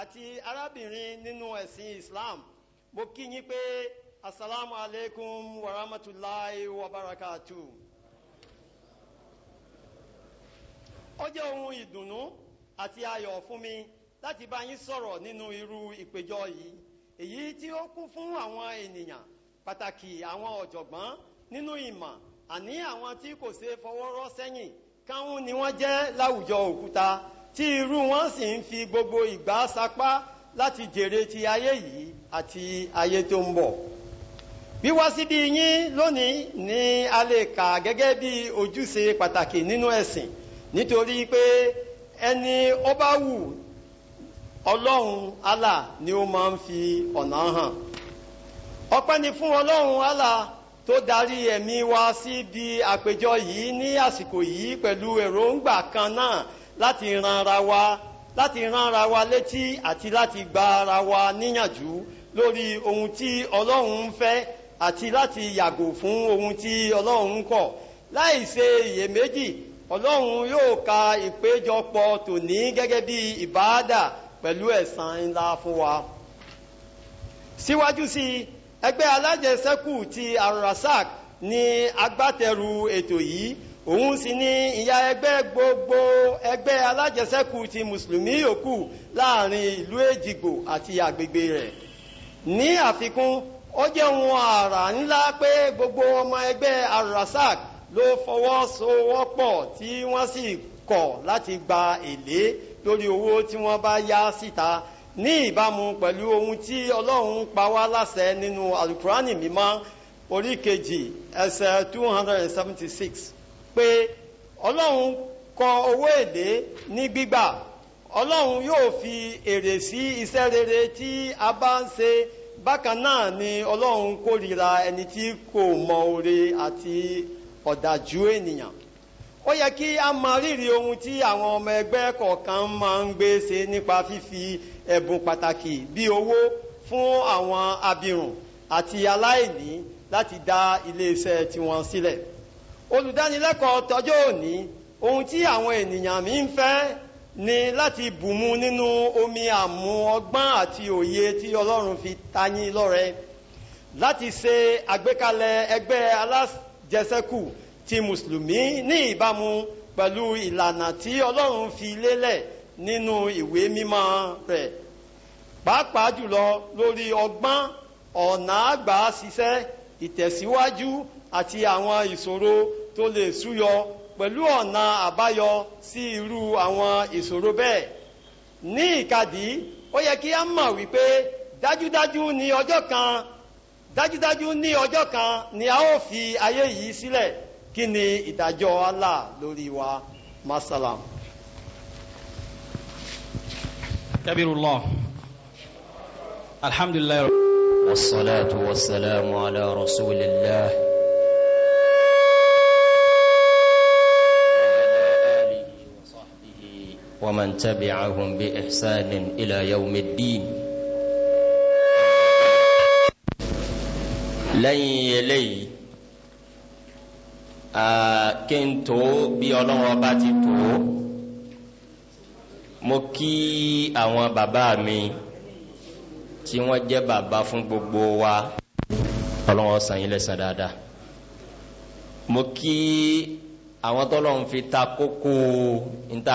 àti arábìnrin nínú ẹ̀sìn Islam mo kí yín pé asalaamu aleykum wa rahmatulahi wa barakatu. ó jẹ́ ohun ìdùnnú àti ayọ̀ fún mi láti bá yín sọ̀rọ̀ nínú irú ìpèjọ yìí èyí tí ó kún fún àwọn ènìyàn pàtàkì àwọn ọ̀jọ̀gbọ́n nínú ìmọ̀ àní àwọn tí kò ṣe fọwọ́rọ́ sẹ́yìn káwọn ni wọ́n jẹ́ láwùjọ òkúta tí irú wọn sì ń fi gbogbo ìgbà sapá láti jèrè ti ayé yìí àti ayé tó ń bọ̀ wíwá síbí yín lónìí ni a lè kà gẹ́gẹ́ bí ojúṣe pàtàkì nínú ẹ̀sìn nítorí pé ẹni ó bá wù ọlọ́run allah ni ó máa ń fi ọ̀nà hàn ọpẹ́ ni fún ọlọ́run allah tó darí ẹ̀mí wa síbi àpèjọ yìí ní àsìkò yìí pẹ̀lú èròǹgbà kan náà láti ran ara wa láti ran ara wa létí àti láti gba ara wa níyànjú lórí ohun tí ọlọ́run ń fẹ́ àti láti yàgò fún ohun tí ọlọ́run ń kọ̀ láì ṣe iyèméjì ọlọ́run yóò ka ìpéjọpọ̀ tòní gẹ́gẹ́ bí ìbáàdà pẹ̀lú ẹ̀san ńlá fún wa. síwájú sí ẹgbẹ́ alájẹsẹ́kù ti arasak ni agbátẹrù ètò yìí òun sì ni ìyá ẹgbẹ́ gbogbo ẹgbẹ́ alájẹsẹ́kù ti mùsùlùmí yòókù láàrin ìlú èjìgbò àti àgbègbè rẹ̀ ní àfikún ó jẹ́ ohun àrà ńlá pé gbogbo ọmọ ẹgbẹ́ arasak ló fọwọ́sowọ́pọ̀ tí wọ́n sì kọ̀ láti gba èlé lórí owó tí wọ́n bá yá síta ní ìbámu pẹ̀lú ohun tí ọlọ́run pa wá láṣẹ nínú alukurani mímọ́ orí kejì ẹsẹ̀ two hundred and seventy six pé ọlọ́run kọ owó èlé ní gbígbà ọlọ́run yóò fi èrè sí iṣẹ́ rere tí a bá ń ṣe bákan náà ni ọlọ́run kórìíra ẹni tí kò mọ oore àti ọ̀dàjú ènìyàn ó yẹ kí a mọ rírì ohun tí àwọn ọmọ ẹgbẹ́ kọ̀ọ̀kan máa ń gbé ṣe nípa fífi ẹ̀bùn pàtàkì bíi owó fún àwọn abirùn àti aláìní láti dá iléeṣẹ́ tiwọn sílẹ̀. Si olùdánilẹ́kọ̀ọ́ tọjọ́ òní ohun tí àwọn ènìyàn mi ń fẹ́ ni láti bùnmu nínú omi àmú ọgbọ́n àti òye tí ọlọ́run fi tayín lọ́rẹ láti ṣe àgbékalẹ̀ ẹgbẹ́ alájẹsẹ́kù ti mùsùlùmí ní ìbámu pẹ̀lú ìlànà tí ọlọ́run fi lélẹ̀ nínú ìwé mímọ́ rẹ̀ pàápàá jùlọ lórí ọgbọ́n ọ̀nà àgbà ṣiṣẹ́ ìtẹ̀síwájú àti àwọn ìṣòro tó lè súyọ pẹ̀lú ọ̀nà àbáyọ sí irú àwọn ìṣòro bẹ́ẹ̀ ní ìkadì ó yẹ kí a mọ̀ wípé dájúdájú ní ọjọ́ kan dájúdájú ní ọjọ́ kan ni a ó fi ayé yìí sílẹ̀ kí ni ìdájọ́ Allah lórí wa masalam. kabirullah alhamdulillah. wasalaatu wasalaamu ala rasulillah. ومن تبعهم بإحسان إلى يوم الدين lẹ́yìn eléyìí kí n tó bí ọlọ́run ọba ti tó mo kí àwọn bàbá mi. Uh, tí wọ́n jẹ́ bàbá fún gbogbo wa ọlọ́wọ́ san yín lẹ́san dáadáa mo kí àwọn tọ́lọ́run fi ta kókó níta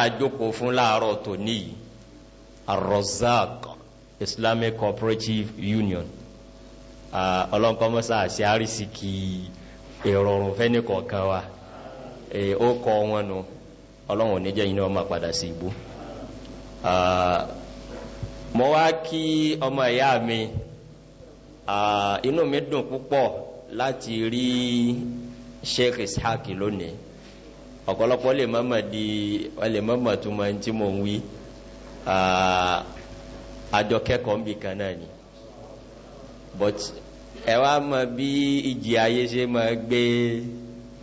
fún láàárọ̀ tòní yìí arozak Islamic Cooperative Union ọlọ́run kọ́ mọ́sá àṣẹ àrísìkì ìrọ̀rùn fẹ́ni kọ̀ọ̀kan wa ó kọ́ wọn nu ọlọ́run ò ní ni wọ́n máa padà sí ibú mo wá kí ọmọ ìyá mi inú mi dùn púpọ̀ láti rí Sheikh Ishaq lónìí ọ̀pọ̀lọpọ̀ lè mọ́mọ̀ di lè mọ́mọ̀ tó mọ́ tí mo ń wí àjọ kẹ́kọ̀ọ́ ń bì kan náà ni but ẹ wá mọ̀ bí ìjì ayé ṣe mọ́ gbé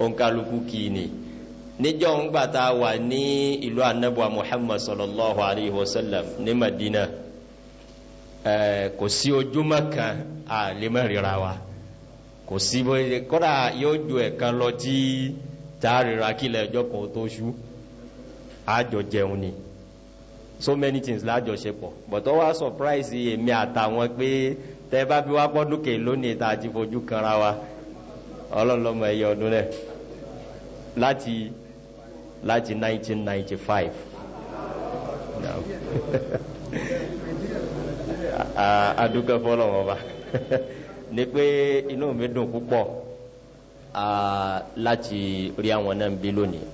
onkaluku kì ní níjọ́ ń gbàta wà ní ìlú anábọ̀ Muhammad sallallahu alaihi wasallam ní Madina kò sí ojúmọ́ kan a lè mọ́ ríra wa kò sí kọ́dà yóò ju ẹ̀kan lọ tí tààrìra kílẹ̀ ẹjọ́ kan tó ṣú àjọ jẹun ni so many things lájọṣepọ̀ but ó wá surprise èmi àtàwọn pé tẹ bá bí wá pọ́dúnkè lónìí tá a ti fojú kanra wa ọlọ́lọ́mọ ẹ̀yẹ ọdún rẹ̀ láti láti 1995. No. adúgbẹ́ fọ́lọ́wọ́n bá ní pé inú mi dùn púpọ̀ láti rí àwọn náà ń bí lónìí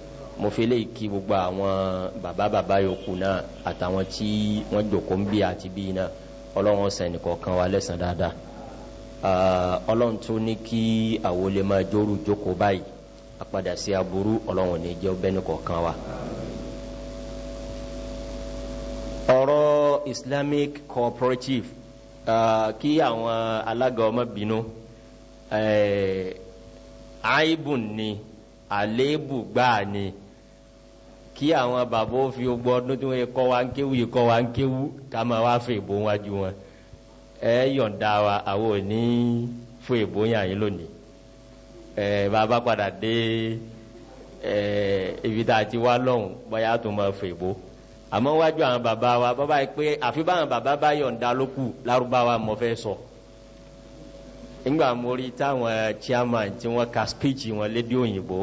mo fi lè kí gbogbo àwọn bàbá bàbá yòókù náà àtàwọn tí wọ́n jòkó ń bí àti bí náà ọlọ́run ọ̀sẹ̀ nìkọ̀ọ̀kan wa lẹ́sàn dáadáa ọlọ́run tó ní kí àwọn máa jóru jókòó báyìí apadà sí aburú ọlọ́run ní jẹ́ ọbẹ̀ nìkọ̀ọ̀kan wa ọ̀rọ̀ islamic cooperative uh, kí àwọn alága ọmọ bínú eh, aibun ni àléébù gbáà ni kí àwọn bàbá ó fi gbọ́ ọdún tí wọ́n yẹ kọ́ wa ń kéwú yìí kọ́ wa ń kéwú ká máa wá fún ìbò wájú wọn ẹ yọ̀ǹda wa àwọn ò ní fún ìbò yàn yín lónìí ẹ bàbá padà dé ibi tá a ti wá lọ́hùn bóyá tó máa fún ìbò àmọ́ wájú àwọn bàbá wa bàbá yìí pé àfi báwọn bàbá bá yọ̀ǹda lókù lárúbáwá mo fẹ́ sọ nígbà mo rí táwọn eh, chairman tí wọ́n ka speech wọn lédè òyìnbó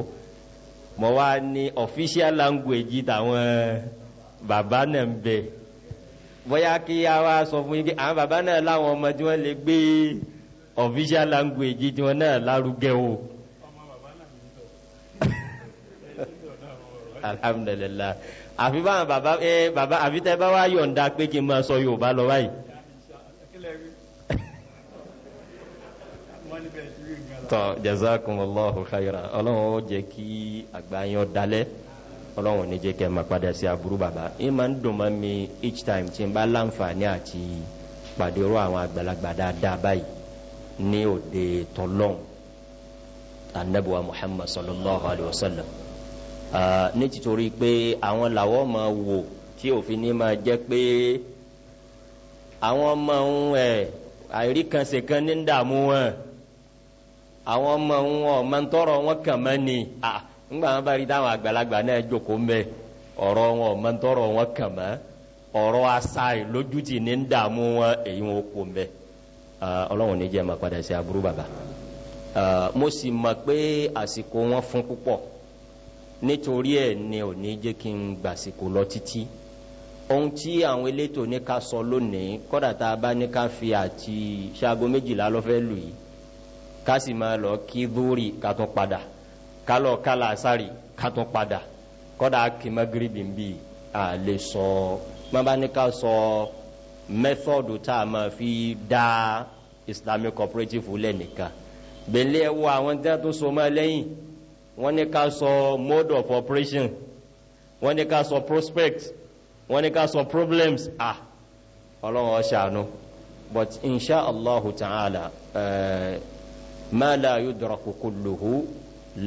mo wá ní official language táwọn eh, bàbá náà ń bẹ bóyá kí a wá sọ fún yín pé àwọn bàbá náà láwọn ọmọ tí wọ́n lè gbé official language tí wọ́n náà lárugẹ o. alhamdulilayi àfi báwọn bàbá ẹ bàbá àfi bá wá yọ̀ǹda pé kí n máa sọ yorùbá lọ báyìí. tọ́ jazakumullahu khayran ọlọ́run ó jẹ́ kí àgbáyọ̀ dalẹ̀ ọlọ́run ní jẹ́ kẹ́ máa padà sí aburú bàbá ẹ máa ń dùn mọ́ each time tí n bá láǹfààní àti pàdé orú àwọn àgbàlagbà dáadáa báyìí ní òde tọ́lọ́hún anabuwa muhammad sallallahu alayhi wa sallam ní títorí pé àwọn làwọn máa wò tí òfin ní máa jẹ́ pé àwọn ọmọ ń ẹ̀ àìríkànṣe kan ní dààmú wọn àwọn ọmọ ń ọmọ ń tọrọ wọn kàn mọ́ ni nígbà wọn bá rí táwọn àgbàlagbà náà jókòó mẹ ọ̀rọ̀ wọn ọmọ ń tọrọ wọn kàn mọ́ ọ̀rọ̀ asa ìlójútì ní dààmú wọn èyí wọn kò mẹ ọlọ́run ní jẹ́ máa padà sí aburú bàbá mo sì mọ̀ pé àsìkò wọn fún púpọ̀ nítorí ẹ̀ ni ò ní jẹ́ kí n gbàsìkò lọ títí ohun tí àwọn elétò ní ká sọ lónìí kọ́dà tá a bá ní ká fi àti ṣaago méjìlá lọ́fẹ́ lù yìí ká sì máa lọ kí dúrì ká tún padà ká lọ ká làásàrì ká tún padà kọ́dà kí magrebi bí a lè sọ wọ́n bá ní ká sọ mẹ́tọ́dù tá a máa fi dá islamic cooperative lẹ́nìkan bẹ́ẹ̀ lé ẹ̀wọ̀ àwọn tí wọ́n tún so máa lẹ́yìn wọ́n ní ká sọ mode of operation wọ́n ní ká sọ prospect wọ́n ní ká sọ problems ah ọlọ́run ọ̀ṣàánú but insha allahu ta'ala eh, ma la yudraku kulluhu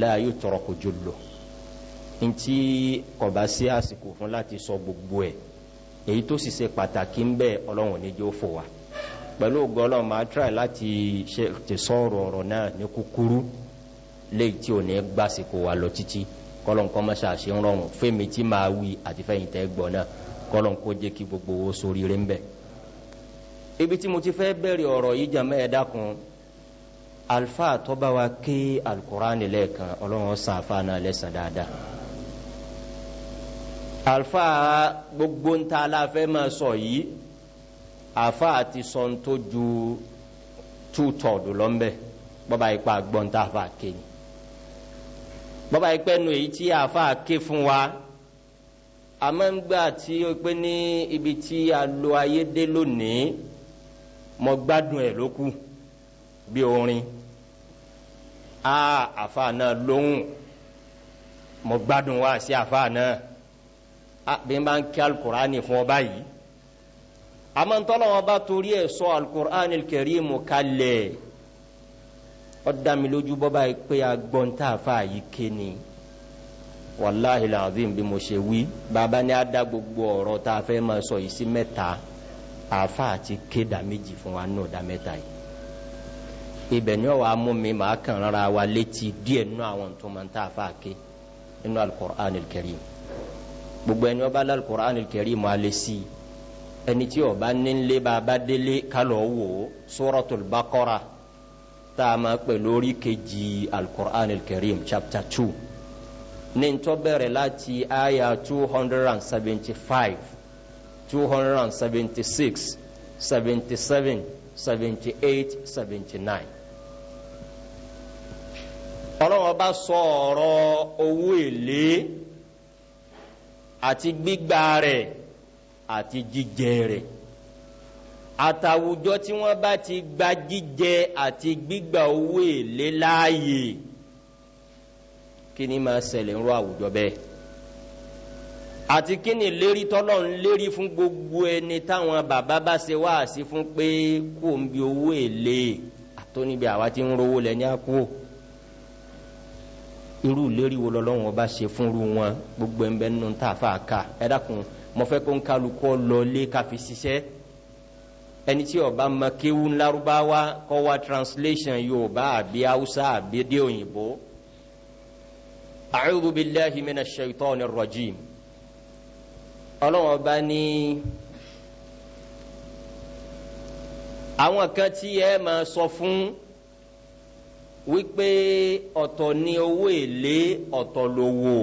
la yutraku julluhu ntí kọba sí àsìkò fún láti sọ gbogbo ẹ̀ èyí tó sì ṣe pàtàkì ń bẹ ọlọ́run níjó fò wá pẹ̀lú ògbọ́lọ́ máa try láti ṣe tẹ̀sọ́rọ̀ ọ̀rọ̀ náà ní kúkúrú léyìí tí ò ní gbàsìkò wa lọ títí kọ́lọ́n kọ́ mọ́ṣá ṣe ń rọrùn fẹ́mi tí máa wí àti fẹ́yìn tẹ́ gbọ́ náà kọ́lọ́n kó jẹ́ kí gbogbo owó sórí rẹ̀ ń bẹ̀. ibi tí mo ti fẹ́ bẹ̀rẹ̀ ọ̀rọ̀ yìí jà mẹ́ẹ̀ dákun alfa tọ́ba wa ké alukur'an lẹ́ẹ̀kan ọlọ́run sàn náà lẹ́sàn dáadáa. alfa gbogbo ń ta la fẹ́ máa sọ yìí afa ti sọ ń tó ju tú tọ̀ọ̀dù lọ́nbẹ̀ bọ́ba ipa gbọ́ntà afa kéyìn bọ́bá yìí pẹ́ nu èyí tí àáfàá ké fún wa àmọ́ ńgbà tí ó pé ní ibi tí a lo ayé dé lónìí mo gbádùn ẹ̀ ló kù bí orin a àáfàá náà lóhùn mo gbádùn wá sí àáfàá náà bí n bá ń kí alukur'ani fún ọ báyìí àmọ́ ntọ́lọ́wọ́ bá torí ẹ̀ sọ alukur'ani kẹrìmù kalẹ̀ ọdami lójú bọba yìí pé agbọntà fà yìí kéne wàláhi làzim bí mo ṣe wí baba ni a da gbogbo ọ̀rọ̀ tá a fẹ́ máa sọ yìí sí mẹ́ta àfa àti kéda méjì fún wa náà da mẹ́ta yìí ibẹ̀ ni wàá mú mi màá kàn rárá wa létí díẹ̀ nínú àwọn tó máa ń tà fà ké nínú alukur'an kẹrìm gbogbo ẹni wọn bá alukur'an kẹrìm wa lé sí i ẹni tí ó nílé baba délé kálọ̀ wò suratul Baqara tá a máa pè lórí kejì alukur'an kareem chapter two ní n tó bẹ̀rẹ̀ láti aya two hundred and seventy five two hundred and seventy six seventy seven seventy eight seventy nine ọlọ́wọ́n bá sọ ọ̀rọ̀ owó èlé àti gbígbà rẹ̀ àti jíjẹ rẹ̀ àtàwùjọ tí wọ́n bá ti gba jíjẹ àti gbígba owó èlé láàyè kí ni máa ṣẹlẹ̀ ń rọ àwùjọ bẹ́ẹ̀ àti kí ni lérí tọ́lọ̀ ń lérí fún gbogbo ẹni táwọn bàbá bá ṣe wá sí fún pé kò ń bi owó èlé àtọ́níbi àwa ti ń rówó lẹ̀ ní irú lérí wo lọ́lọ́wọ́n bá ṣe fúnru wọn gbogbo ẹ̀ ń bẹ́ẹ̀ nínú tá a fà ká ẹ dákun mo fẹ́ kó ń kálukọ́ lọ lé káfí ṣiṣẹ́ ẹni tí ọba mọ kéwú ńlárúbáwá kọ́ wa translation yorùbá àbí haúsá àbí dé òyìnbó a'udhu billahi minash shaitanir rajim ọlọ́wọ́n ọba ní àwọn kan tí ẹ máa sọ fún wípé ọ̀tọ̀ ni owó èlé ọ̀tọ̀ lówó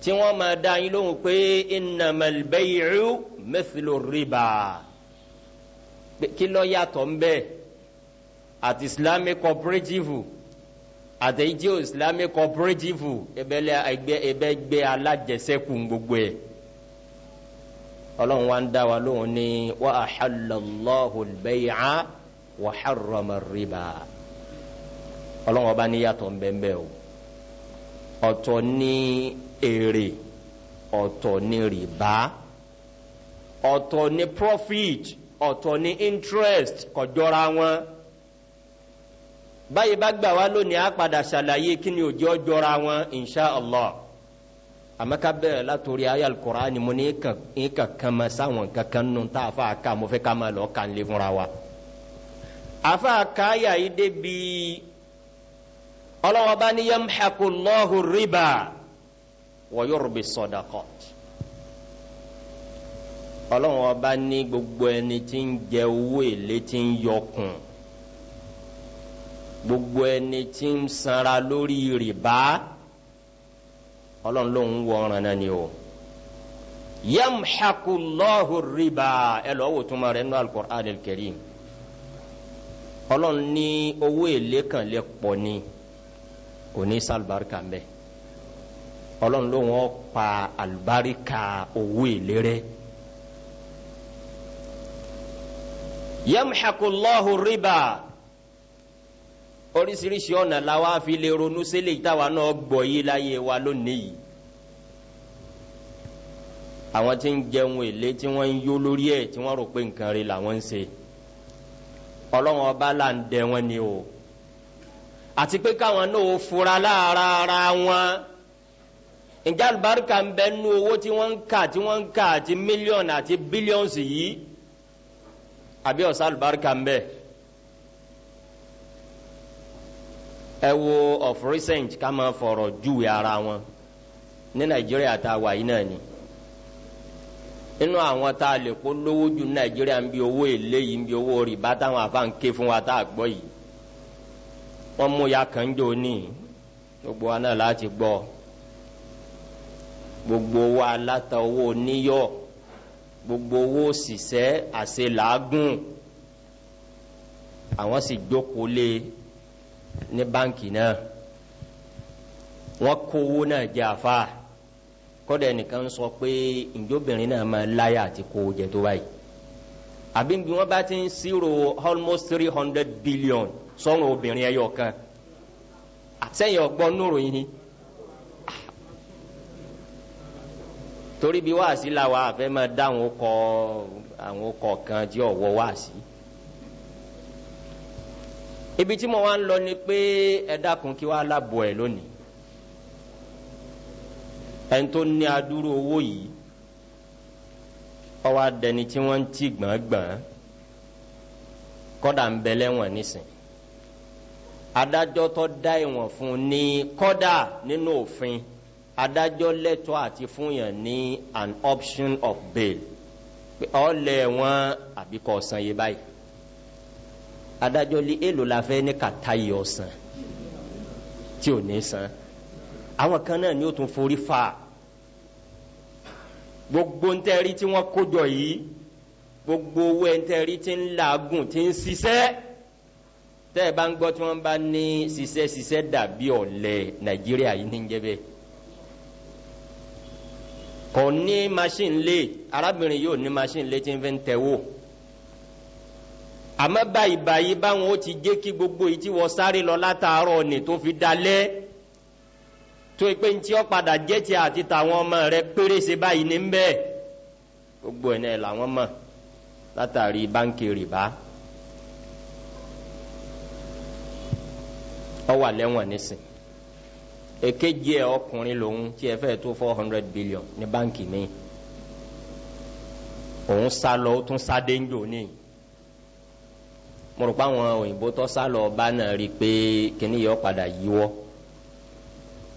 tí wọ́n máa dá yín lóhùn pé innamal bay'u mithlu riba kí ló yàtọ̀ ń bẹ́ẹ̀ àti islamic cooperative At tí ó islamic cooperative ẹbẹ̀ gbé alájẹsẹ́kù gbogbo ẹ̀ ọlọ́run wa ń dá wa lóhun ní wa ahallallahu al-bay'a wa harrama ar-riba ọlọ́run ọba níyàtọ̀ ń bẹ́ẹ̀ o ọ̀tọ̀ ní èrè ọ̀tọ̀ ní rìbá ọ̀tọ̀ ní profit ọ̀tọ̀ ní interest kọjọ́ra wọn báyìí bá gbà wá lónìí á padà ṣàlàyé kí ni òjò jọra wọn insha allah àmọ́ ká bẹ̀rẹ̀ látòrí ayé alukóra ni mo ní nǹkan kan ma sáwọn nǹkan kan nù tá a fà ká mo fẹ́ ká ma lọ ká lé fúnra wa afa kaaya yi débi ọlọ́wọ́ bá ní yamhaku lọ́hùn rìbá wọ́n yóò rúbi sọ̀dọ̀kọ̀ ọlọ́run ọba ní gbogbo ẹni tí ń jẹ owó èlé tí ń yọkùn gbogbo ẹni tí ń sanra lórí rìbá ọlọ́run lòun wọ ọ̀ràn náà ni o yamhakullahu rìbá ẹ lọ́wọ́ tuma rẹ̀ nínú al-Qur'an ọlọ́run ní owó èlé kan lè pọ̀ ni kò ní sálùbáríkà ń bẹ ọlọ́run lòun ọ̀ pa àlùbáríkà owó èlé rẹ̀. yamhakullahu riba oríṣiríṣi ọ̀nà la wá fi lè ronú sílẹ̀ ìtawà náà gbọ́ yí láyé wa lónìí yìí àwọn tí ń jẹun èlé tí wọ́n ń yó lórí ẹ̀ tí wọ́n rò pé nǹkan rí làwọn ń ṣe ọlọ́wọ́n ọba là ń dẹ wọn ni o àti pé káwọn náà fura lára ara wọn ìjà àlùbáríkà ń bẹ nú owó tí wọ́n ń kà tí wọ́n ń kà àti mílíọ̀nù àti bílíọ̀nù yìí àbí ọ̀sá àlùbáríkà ń bẹ̀ ẹ wo of recent ká máa fọ̀rọ̀ júwe ara wọn ní nàìjíríà tá a wà yìí náà ni nínú àwọn tá a lè kó lówó ju nàìjíríà ń bi owó èlé yìí ń bi owó rìbá táwọn afa ń ké fún wa tá a gbọ́ yìí wọ́n mú ya kàn jò ní gbogbo wa náà láti gbọ́ gbogbo wa láta owó New gbogbo owó òṣìṣẹ́ àṣẹ làágùn àwọn sì jókòó lé ní báǹkì náà wọ́n kó owó náà jẹ àfa kọ́dà ẹnìkan sọ pé ìjọbìnrin náà máa láyà àti kó jẹ tó báyìí àbí bí wọ́n bá ti ń ṣírò almost three hundred billion sọ́run obìnrin ẹyọ kan àtẹ̀yìn ọgbọ́n nùròyìn ni. torí bí wáàsí làwọn àfẹ́ máa dá àwọn kọ àwọn kọ kan tí ọ̀wọ́ wáàsí. ibi tí mo wá ń lọ ni pé ẹ dákun kí wàá lábọ̀ ẹ̀ lónìí ẹni tó ní adúrú owó yìí ọwọ́ adẹni tí wọ́n ń tì gbọ̀ngbọ̀n kọ́dà ń bẹ lẹ́wọ̀n nísìn adájọ́ tó dá ìwọ̀n fún ni kọ́dà nínú òfin. No adájọ́ lẹ́tọ́ àti fúnyàn ní an option of bail pé ọ̀lẹ́ wọn àbí kò san yé báyìí adájọ́ lé èlò la fẹ́ ní kàtá yìí ọ̀sán tí ò ní san àwọn kan náà ni ó tún forí fa gbogbo ntẹ́rí tí wọ́n kó jọ yìí gbogbo owó ntẹ́rí tí ń làágùn tí ń ṣiṣẹ́ tẹ́ ẹ bá ń gbọ́ tí wọ́n bá ní ṣiṣẹ́ ṣiṣẹ́ dàbí ọ̀lẹ nàìjíríà yìí ní ń jẹ́ bẹ́ẹ̀ kò ní machine lé arábìnrin yóò ní machine lé tí ń fi ń tẹ̀ wò àmọ́ báyìí báyìí báwọn ó ti jẹ́ kí gbogbo yìí tí wọ́n sáré lọ látàárọ̀ ni tó fi dalẹ́ tó pé ní tí ó padà jẹ́ ti àti tàwọn ọmọ rẹ pérése báyìí ní bẹ́ẹ̀ gbogbo ẹ̀ náà làwọn mọ̀ látàrí báńkì rìbá ó wà lẹ́wọ̀n nísìnyí èkejì ẹ ọkùnrin lòun tí ẹ fẹ́ tó four hundred billion ní báǹkì mi òun sá lọ ó tún sá déńjò ní mo rò pé àwọn òyìnbó tó sá lọ ọba náà rí i pé kíní yọ padà yíwọ́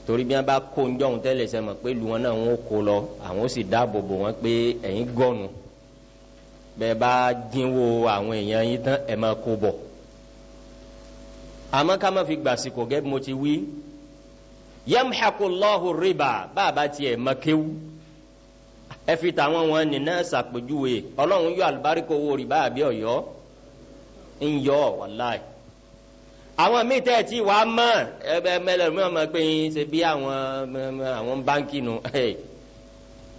torí bí wọn bá kó ń jọ̀hún tẹ́lẹ̀ sẹ́mọ̀ pé lu wọn náà wọn ò kó lọ àwọn ó sì dáàbò bò wọn pé ẹ̀yin gọ̀nù bẹ́ẹ̀ bá dínwó àwọn èèyàn yín tán ẹ̀ máa kó bọ̀ àmọ́ ká má fi gbàsìkò gẹ́gẹ́ bí mo ti wí yamhakullahu riba bàbá tiẹ̀ makewu ẹ fi tàwọn wọn nìna ṣàpèjúwe ọlọ́run yọ àlùbáríkò owó rìbá àbí ọ̀yọ́ ń yọ wàláì àwọn míì tẹ́ ẹ ti wàá mọ̀ ẹ mẹlẹ̀ mi ọmọ pé ṣe bí àwọn àwọn báńkì nù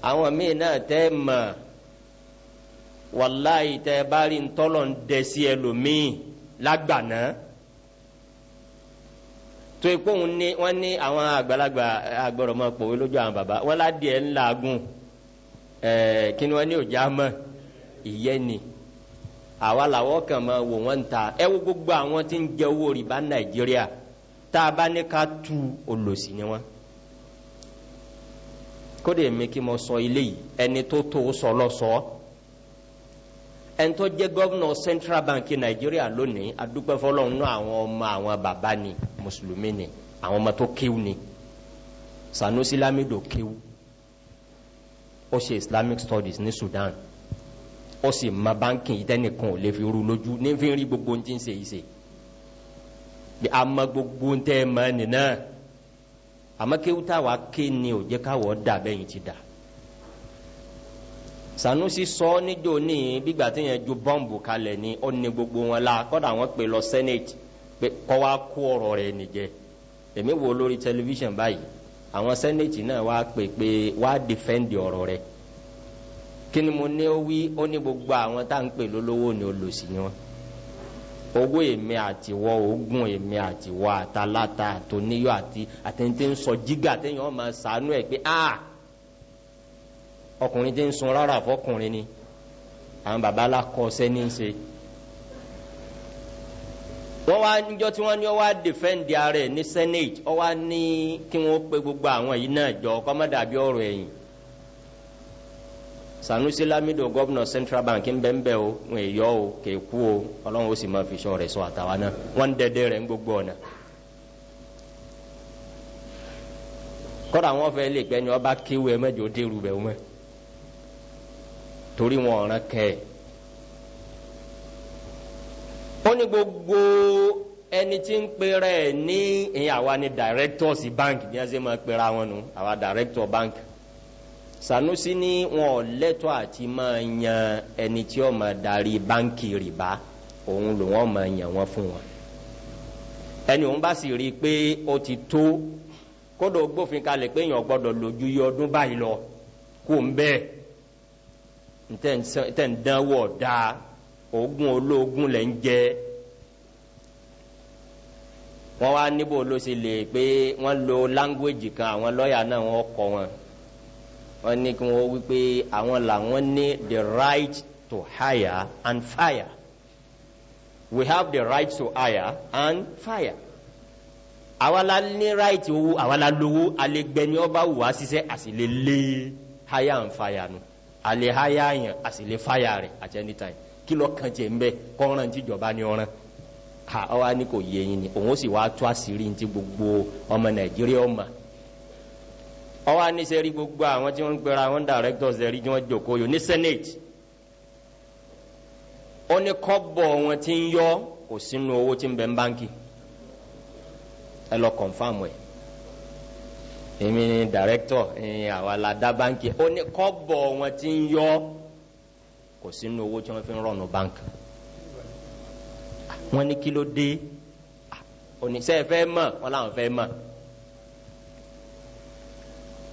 àwọn míì náà tẹ́ ẹ mọ̀ wàláì tẹ́ ẹ ń dẹ̀ sí ẹlòmíì lágbàná tó ipò òun ní wọ́n ní àwọn àgbàlagbà agbọ̀rọ̀ mọ́ pòwe lójú àwọn bàbá wọ́n ládìẹ ńlá agùn kí ni wọ́n ní òjá mọ́ ìyẹ́ ni àwa làwọ́ kàn mọ́ wò wọ́n ń ta ẹ wo gbogbo àwọn tí ń jẹ owó rìbá nàìjíríà tá a bá ní ká tu olòṣì ni wọ́n kódé mi kí mo sọ ilé yìí ẹni tó tó sọ lọ́sọ̀ọ́. So ẹ̀ńtọ́ jẹ́ gọ́vnọ̀ central bank Nigeria lónìí adúpẹ́ fọlọ́run náà àwọn ọmọ àwọn bàbá ni mùsùlùmí ni àwọn ọmọ tó kéwù ni sanusi lamido kéwù ó ṣe islamic studies ní sudan ó sì ma báńkì ìtẹ́nìkan ò lè fi rú lójú ní fi rí gbogbo ohun tí ń ṣe yìí ṣe bí a gbogbo ohun tẹ́ ẹ mọ nìyẹn àmọ́ kéwù táwa ké ni ò jẹ́ káwọ́ dà bẹ́yìn ti dà sanusi sọ níjó ní gbígbà tí yẹn ju bọ́ǹbù kalẹ̀ ní ọ̀nẹ́ gbogbo wọn la kọ́dà wọn pè lọ senate pé kọ́ wa kó ọ̀rọ̀ rẹ̀ nìjẹ́ èmi wo lórí tẹlifíṣàn báyìí àwọn senate náà wá pè pé wá dìfẹ́ǹdì ọ̀rọ̀ rẹ̀ kí ni mo ní ó wí ó ní gbogbo àwọn tá à ń pè lólówó ni olùsí ni wọn owó èmi àtiwọ oògùn èmi àtiwọ àtàlátà àtòníyọ àti àtẹnitẹ ń sọ jígà téèyàn máa sànú ẹ pé aah. ọkùnrin tí ń sun rárá fọkùnrin ni àwọn baba la kọ ọsẹ ní ṣe wọ́n wá níjọ́ tí wọ́n ní wọ́n wá defend ara ẹ̀ ní senate wọ́n wá ní kí wọ́n pe gbogbo àwọn yìí náà jọ ọkọ má dàbí ọ̀rọ̀ ẹ̀yìn Sanusi Lamido gọ́vnọ̀ Central Bank ń bẹ́ ń o wọn yọ o kè kú o ọlọ́run ó sì máa fi sọ rẹ̀ sọ àtàwa náà wọ́n ń dẹ́dẹ́ rẹ̀ ẹ torí wọn ọ̀ràn kẹ́ ẹ̀. ó ní gbogbo ẹni tí ń pera ẹ̀ ní ìyẹn àwa ni directors bank bí wọ́n ṣe máa pera wọn nù àwa director bank sanusi ni wọn ò lẹ́tọ̀ àti máa yan ẹni tí ó máa darí báńkì rìbá òun ló wọn máa yan wọn fún wọn ẹni òun bá sì rí i pé ó ti tó kódò gbófin kalẹ̀ pé èèyàn gbọ́dọ̀ lójú yọ ọdún báyìí lọ kó ń bẹ́ẹ̀ ntẹ̀ ń dánwò dáa oògùn ń jẹ́ wọ́n wá níbo ló ṣe lè pé wọ́n lo láńgwéjì kan àwọn lọ́ọ̀yà náà wọ́n kọ́ wọn wọ́n ní kí wọ́n wí àwọn làwọn ní the right to hire and fire we have the right to hire and fire àwa la ní right owó àwa la lówó alẹ́gbẹ́ni ọba wù wá ṣiṣẹ́ àṣìlélẹ́ hire and fire nu. No àlè háyà yẹn a sì lè fáyà rẹ̀ àti ẹni tàn kí lọ kàn jẹ́ mbẹ́ kọ́ran tí ìjọba ní ọ̀ràn ha ọwá ní kò yé yín ni òun ó sì wá tó àṣírí ti gbogbo ọmọ nàìjíríà ọmọ ọwá ní sẹ́rí gbogbo àwọn tí wọ́n ń pera àwọn directors ẹ̀rí tí wọ́n jòkó yòó ní senate ó ní kọ́bọ̀ wọn ti ń yọ kò sínú owó tí ń bẹ ń báńkì ẹ lọ kọ̀ǹfàmù ẹ̀ èmi ni director. Eh, àwa la dá báńkì ó ní kọ́bọ̀ wọn ti ń yọ kò sínú owó tí wọ́n fi ń rọ̀nù báńkì wọ́n ní kí ló dé oníṣẹ́ fẹ́ mọ̀ wọ́n làwọn fẹ́ mọ̀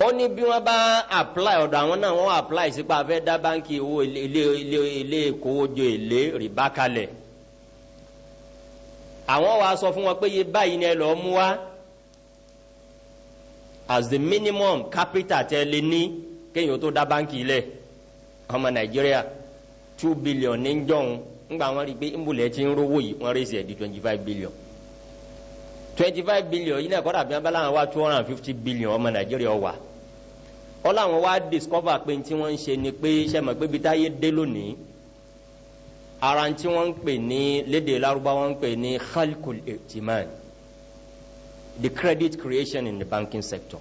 ó ní bí wọ́n bá apply ọ̀dọ̀ àwọn náà wọ́n apply sípa fẹ́ dá báńkì owó ilé ilé ilé ìkówójọ èlé rìbá kalẹ̀ àwọn wa sọ fún wọn pé iye báyìí ni ẹ lọ́ọ́ mú wá as the minimum capital tẹ lé ní kéèyàn tó dá báńkì lẹ̀ ọmọ nàìjíríà two billion ní jọ̀hún ńgbà wọn rí i pé ńbùlẹ̀ ti ń rówó yìí wọ́n raise ẹ̀ di twenty five billion twenty five billion yìí náà kọ́dà bí wọ́n bá láwọn wá two hundred and fifty billion ọmọ nàìjíríà wà wọ́n làwọn wá discover pé tí wọ́n ń ṣe ni pé ṣe mọ̀ pé bíi táyé dé lónìí ara tí wọ́n ń pè ní léde lárúbáwá ń pè ní khalkul itiman the credit creation in the banking sector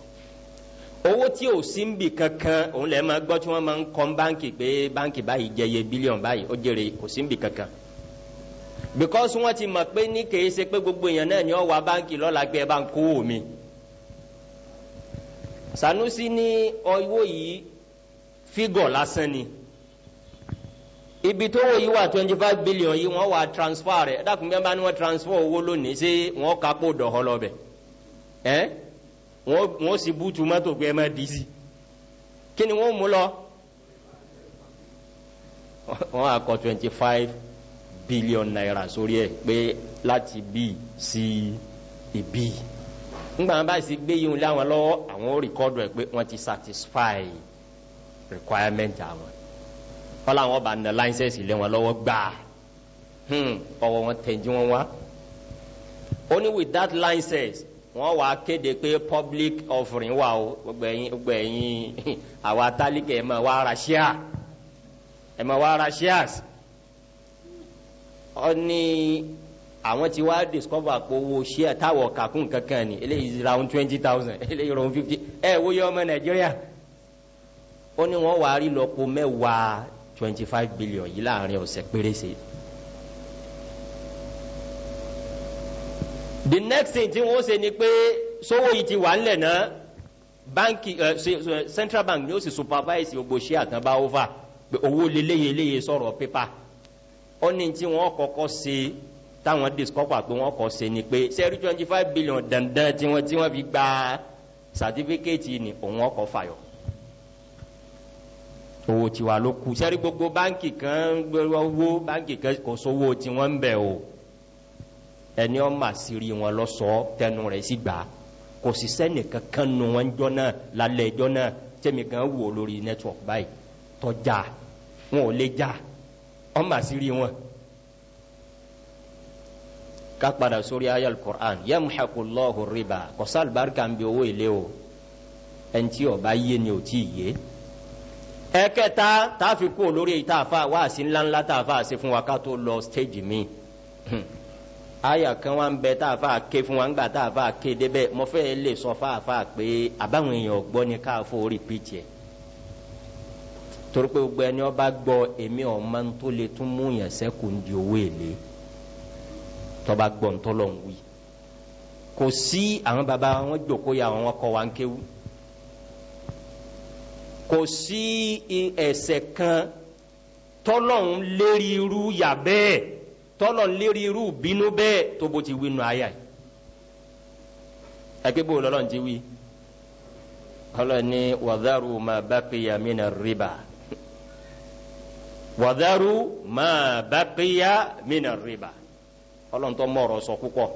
owó tí ò sí ń bì kankan òun lè máa gbọ́ tí wọ́n máa ń kọ́ báǹkì pé báǹkì báyìí jẹye bílíọ̀n báyìí ó jèrè kò sí ń bì kankan because wọ́n ti mọ̀ pé ní kèé ṣe pé gbogbo èèyàn náà ni ó wá báǹkì lọ́la gbé ẹ bá ń kó omi Sanusi ní owó yìí fígọ̀ lásán ni ibi tó wò yìí wà twenty five billion yìí wọ́n wà transfer rẹ̀ ẹ̀dá kùnbẹ́ bá ní wọ́n transfer owó lónìí ṣé wọ́n kápò dọ̀họ́ lọ́bẹ̀ẹ́ ẹ́ wọ́n sì bútu mọ́tò pé ẹ má dì í sí kí ni wọ́n mú lọ wọ́n á twenty five billion naira sórí ẹ̀ pé láti bí sí ibi nígbà wọn bá sì gbé yìí láwọn lọ́wọ́ àwọn ó rìkọ́dù ẹ̀ pé wọ́n ti satisfy requirement àwọn wọ́n làwọn bá na license lé wọn lọ́wọ́ gbàá hmm, ọwọ́ wọn tẹ̀jú wọn wá ó with that license wọ́n wá kéde pé public offering wà o gbẹ̀yìn gbẹ̀yìn àwa tálíkẹ̀ ẹ̀ mọ̀ wá ara ṣíà ẹ̀ mọ̀ wá ara ọ ní àwọn tí wá discover pé owó share. táwọ̀ kàkún kankan ni eléyìí round twenty thousand eléyìí round fifty ẹ̀ wọ́n yọ ọmọ nàìjíríà ó ní wọ́n wá rí lọ́pọ̀ mẹ́wàá twenty five billion yìí láàrin ọ̀sẹ̀ péréṣe. the next thing tí wọ́n ṣe ni pé sówó yìí ti wà ńlẹ̀ náà báńkì central bank ni ó sì supervise gbogbo ṣé àtànbá over pé owó leléyè léyè sọ̀rọ̀ paper. ó ní tí wọ́n kọ́kọ́ ṣe táwọn discover pé wọ́n kọ́ ṣe ni pé sẹ́rí twenty five billion dandan tí wọ́n tí wọ́n fi gba certificate ni òun ọkọ̀ fàyọ̀ owó tiwa ló kù sẹ́rí gbogbo báńkì kan gbogbo owó báńkì kan kò sówó tí wọ́n ń bẹ̀ o ẹni ọ mà sí rí wọn lọ sọ tẹnu rẹ̀ sì gbà kò sì sẹ́ni kankan nu wọn jọ náà lálẹ́ ẹjọ́ náà tẹ̀mí kan wò lórí network báyìí tọ́jà wọn ò lè jà ọ mà sí rí wọn. ká padà sórí ayé alukur'an yẹ́mu xakulọ́hu rìbá kọ́sá alibarika ń bi owó ilé o ẹni tí ọba yé ni ò tí ì yé ẹ̀kẹta tààfikún olórí Aya kan wá ń bẹ tá a fà ké fún wa ńgbà tá a fà ké débẹ̀ mo fẹ́ lè sọ fà fà pé àbáwọn èèyàn gbọ́ ni ká fò rìpìtì ẹ̀ torí pé gbogbo ẹni ọba gbọ́ èmi ọ̀ma tó lè tún mú yàn sẹ́kù ń di owó èlé tọba gbọ́ ń tọ́lọ̀ kò sí àwọn baba wọn jòkó ya àwọn wa ń kéwú kò sí ẹsẹ̀ kan tọ́lọ̀ ń lérí irú yà bẹ́ẹ̀. tọ́lọ̀ lérí irú bínú bẹ́ẹ̀ tó bó ti wínú ayá yìí ẹgbẹ́ bó lọ́lọ́run ti wí ọlọ́ni wàdàrú máa bá péyà mínà rìbá wàdàrú máa bá péyà mínà rìbá ọlọ́run tó mọ̀ọ́rọ̀ sọ púpọ̀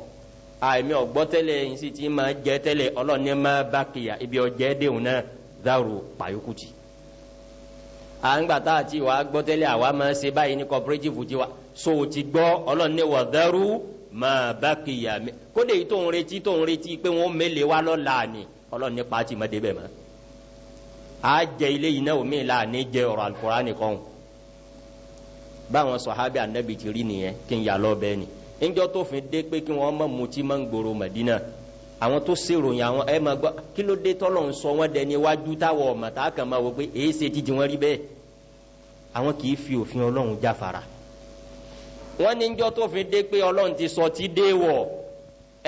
àìmí ọ̀gbọ́ tẹ́lẹ̀ yìí sì ti máa jẹ́ tẹ́lẹ̀ ọlọ́ni máa bá péyà ibi ọ̀jẹ́ déhùn náà dàrú pàyókùtì à ń gbà tá àti wàá gbọ́ tẹ́lẹ̀ àwa máa ṣe báyìí ní cooperative tiwa. so ti gbọ́ ọlọ́ni wà dẹ́rù máa bá kìyà mi kódé yìí tó ń retí tó ń retí pé wọ́n mélé wa lọ́la ni ọlọ́ni pàtì má débẹ̀ mọ́ a jẹ ilé yìí náà omi la ní jẹ ọ̀rọ̀ alukóra nìkan o báwọn sọ̀hábì anabi ti rí nìyẹn kí n yà lọ ni ńjọ́ tó fi dé pé kí wọ́n mọ̀ mutí máa ń gbòòrò Mẹ̀dínà àwọn tó ṣèròyìn àwọn ẹ máa gbọ́ kí ló dé tọ́lọ̀ ń sọ wọ́n dẹni iwájú táwọn ọ̀mọ̀ tá a kàn máa wọ pé èé ṣe títí wọn rí bẹ́ẹ̀ àwọn kì í fi òfin Ọlọ́run jáfara wọ́n ní njọ́ tó fi dé pé ọlọ́run ti sọ ti dé wọ̀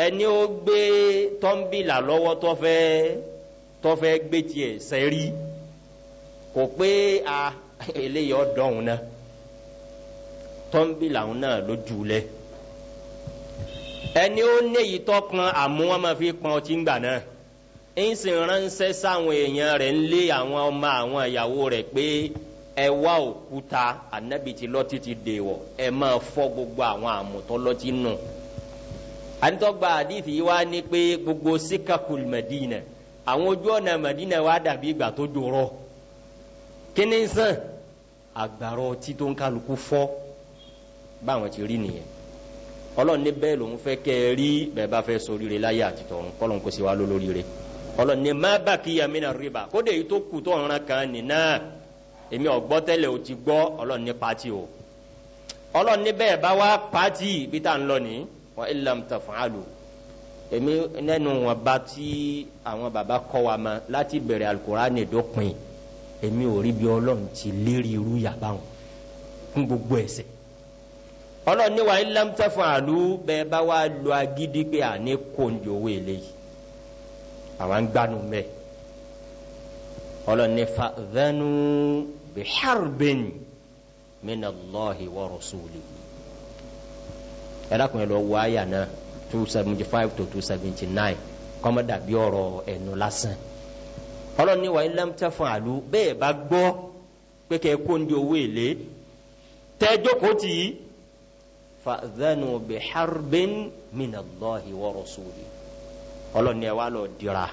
ẹni ó gbé tọ́ḿbìlà lọ́wọ́ tó fẹ́ tó fẹ́ gbé tiẹ̀ sẹ́rí kò pé a eléyìí ọ̀dọ́hùn náà tọ́ḿbìlà òun náà ló jù lẹ̀ ẹni ó néyìí tó àmú wọn máa fi pọn ọtí ńgbà náà ń sì ránṣẹ́ sáwọn èèyàn rẹ̀ ń lé àwọn ọmọ àwọn ìyàwó rẹ̀ pé ẹ wá òkúta anabi ti lọ́tí ti dè wọ̀ ẹ máa fọ́ gbogbo àwọn àmùtọ́ lọ́tí nù. àǹtọ́gba àdìsí wa ní pé gbogbo sikakul madina àwọn ojú ọ̀nà madina wa dàbí ìgbà tó dòrọ̀ kíní sàn àgbàrọ̀ tí tó ń kálukú fọ́ báwọn ti rí nìyẹn ọlọ́run ní bẹ́ẹ̀ lòun fẹ́ kẹ́ ẹ rí bẹ́ẹ̀ bá fẹ́ soríire láyé àtìtọ̀run kọ́lọ́n kó sì wá lólóríire ọlọ́run ní má bàkíyà mí náà rí bá kódé yìí tó kù tó ọ̀ràn kan nìyẹn náà èmi ọ̀gbọ́ tẹ́lẹ̀ o ti gbọ́ ọlọ́run ní pati o ọlọ́run ní bá wá pati bí tá à ń lọ ní wa illam tafalu èmi nẹ́nu wọn bá tí àwọn baba kọ́ wa ma láti bẹ̀rẹ̀ alukurani dópin èmi ò rí bí ọlọ́run ti lérí irú yàrá wọn fún gbogbo ẹ̀sẹ̀ ọlọ́run ní wa illam tafalu bẹ́ẹ̀ bá wá lo agídí pé àní kòǹjò owó eléyìí àwọn ń gbanu mẹ́ẹ̀ ọlọ́ni fa dhanu biharbin minallahi wa rasulihi ẹlẹ́kùnrin lọ wọ àyà náà two seventy five to two seventy nine kọ́mọ́dà bí ọ̀rọ̀ ẹnu lásán ọlọ́run ní wàá lam taf'alu bẹ́ẹ̀ bá gbọ́ pé kẹ́ ẹ kó ń di owó èlé tẹ́ jókòó tì í fa'dhanu biharbin minallahi wa rasulihi ọlọ́run ní ẹ wá lọ dira.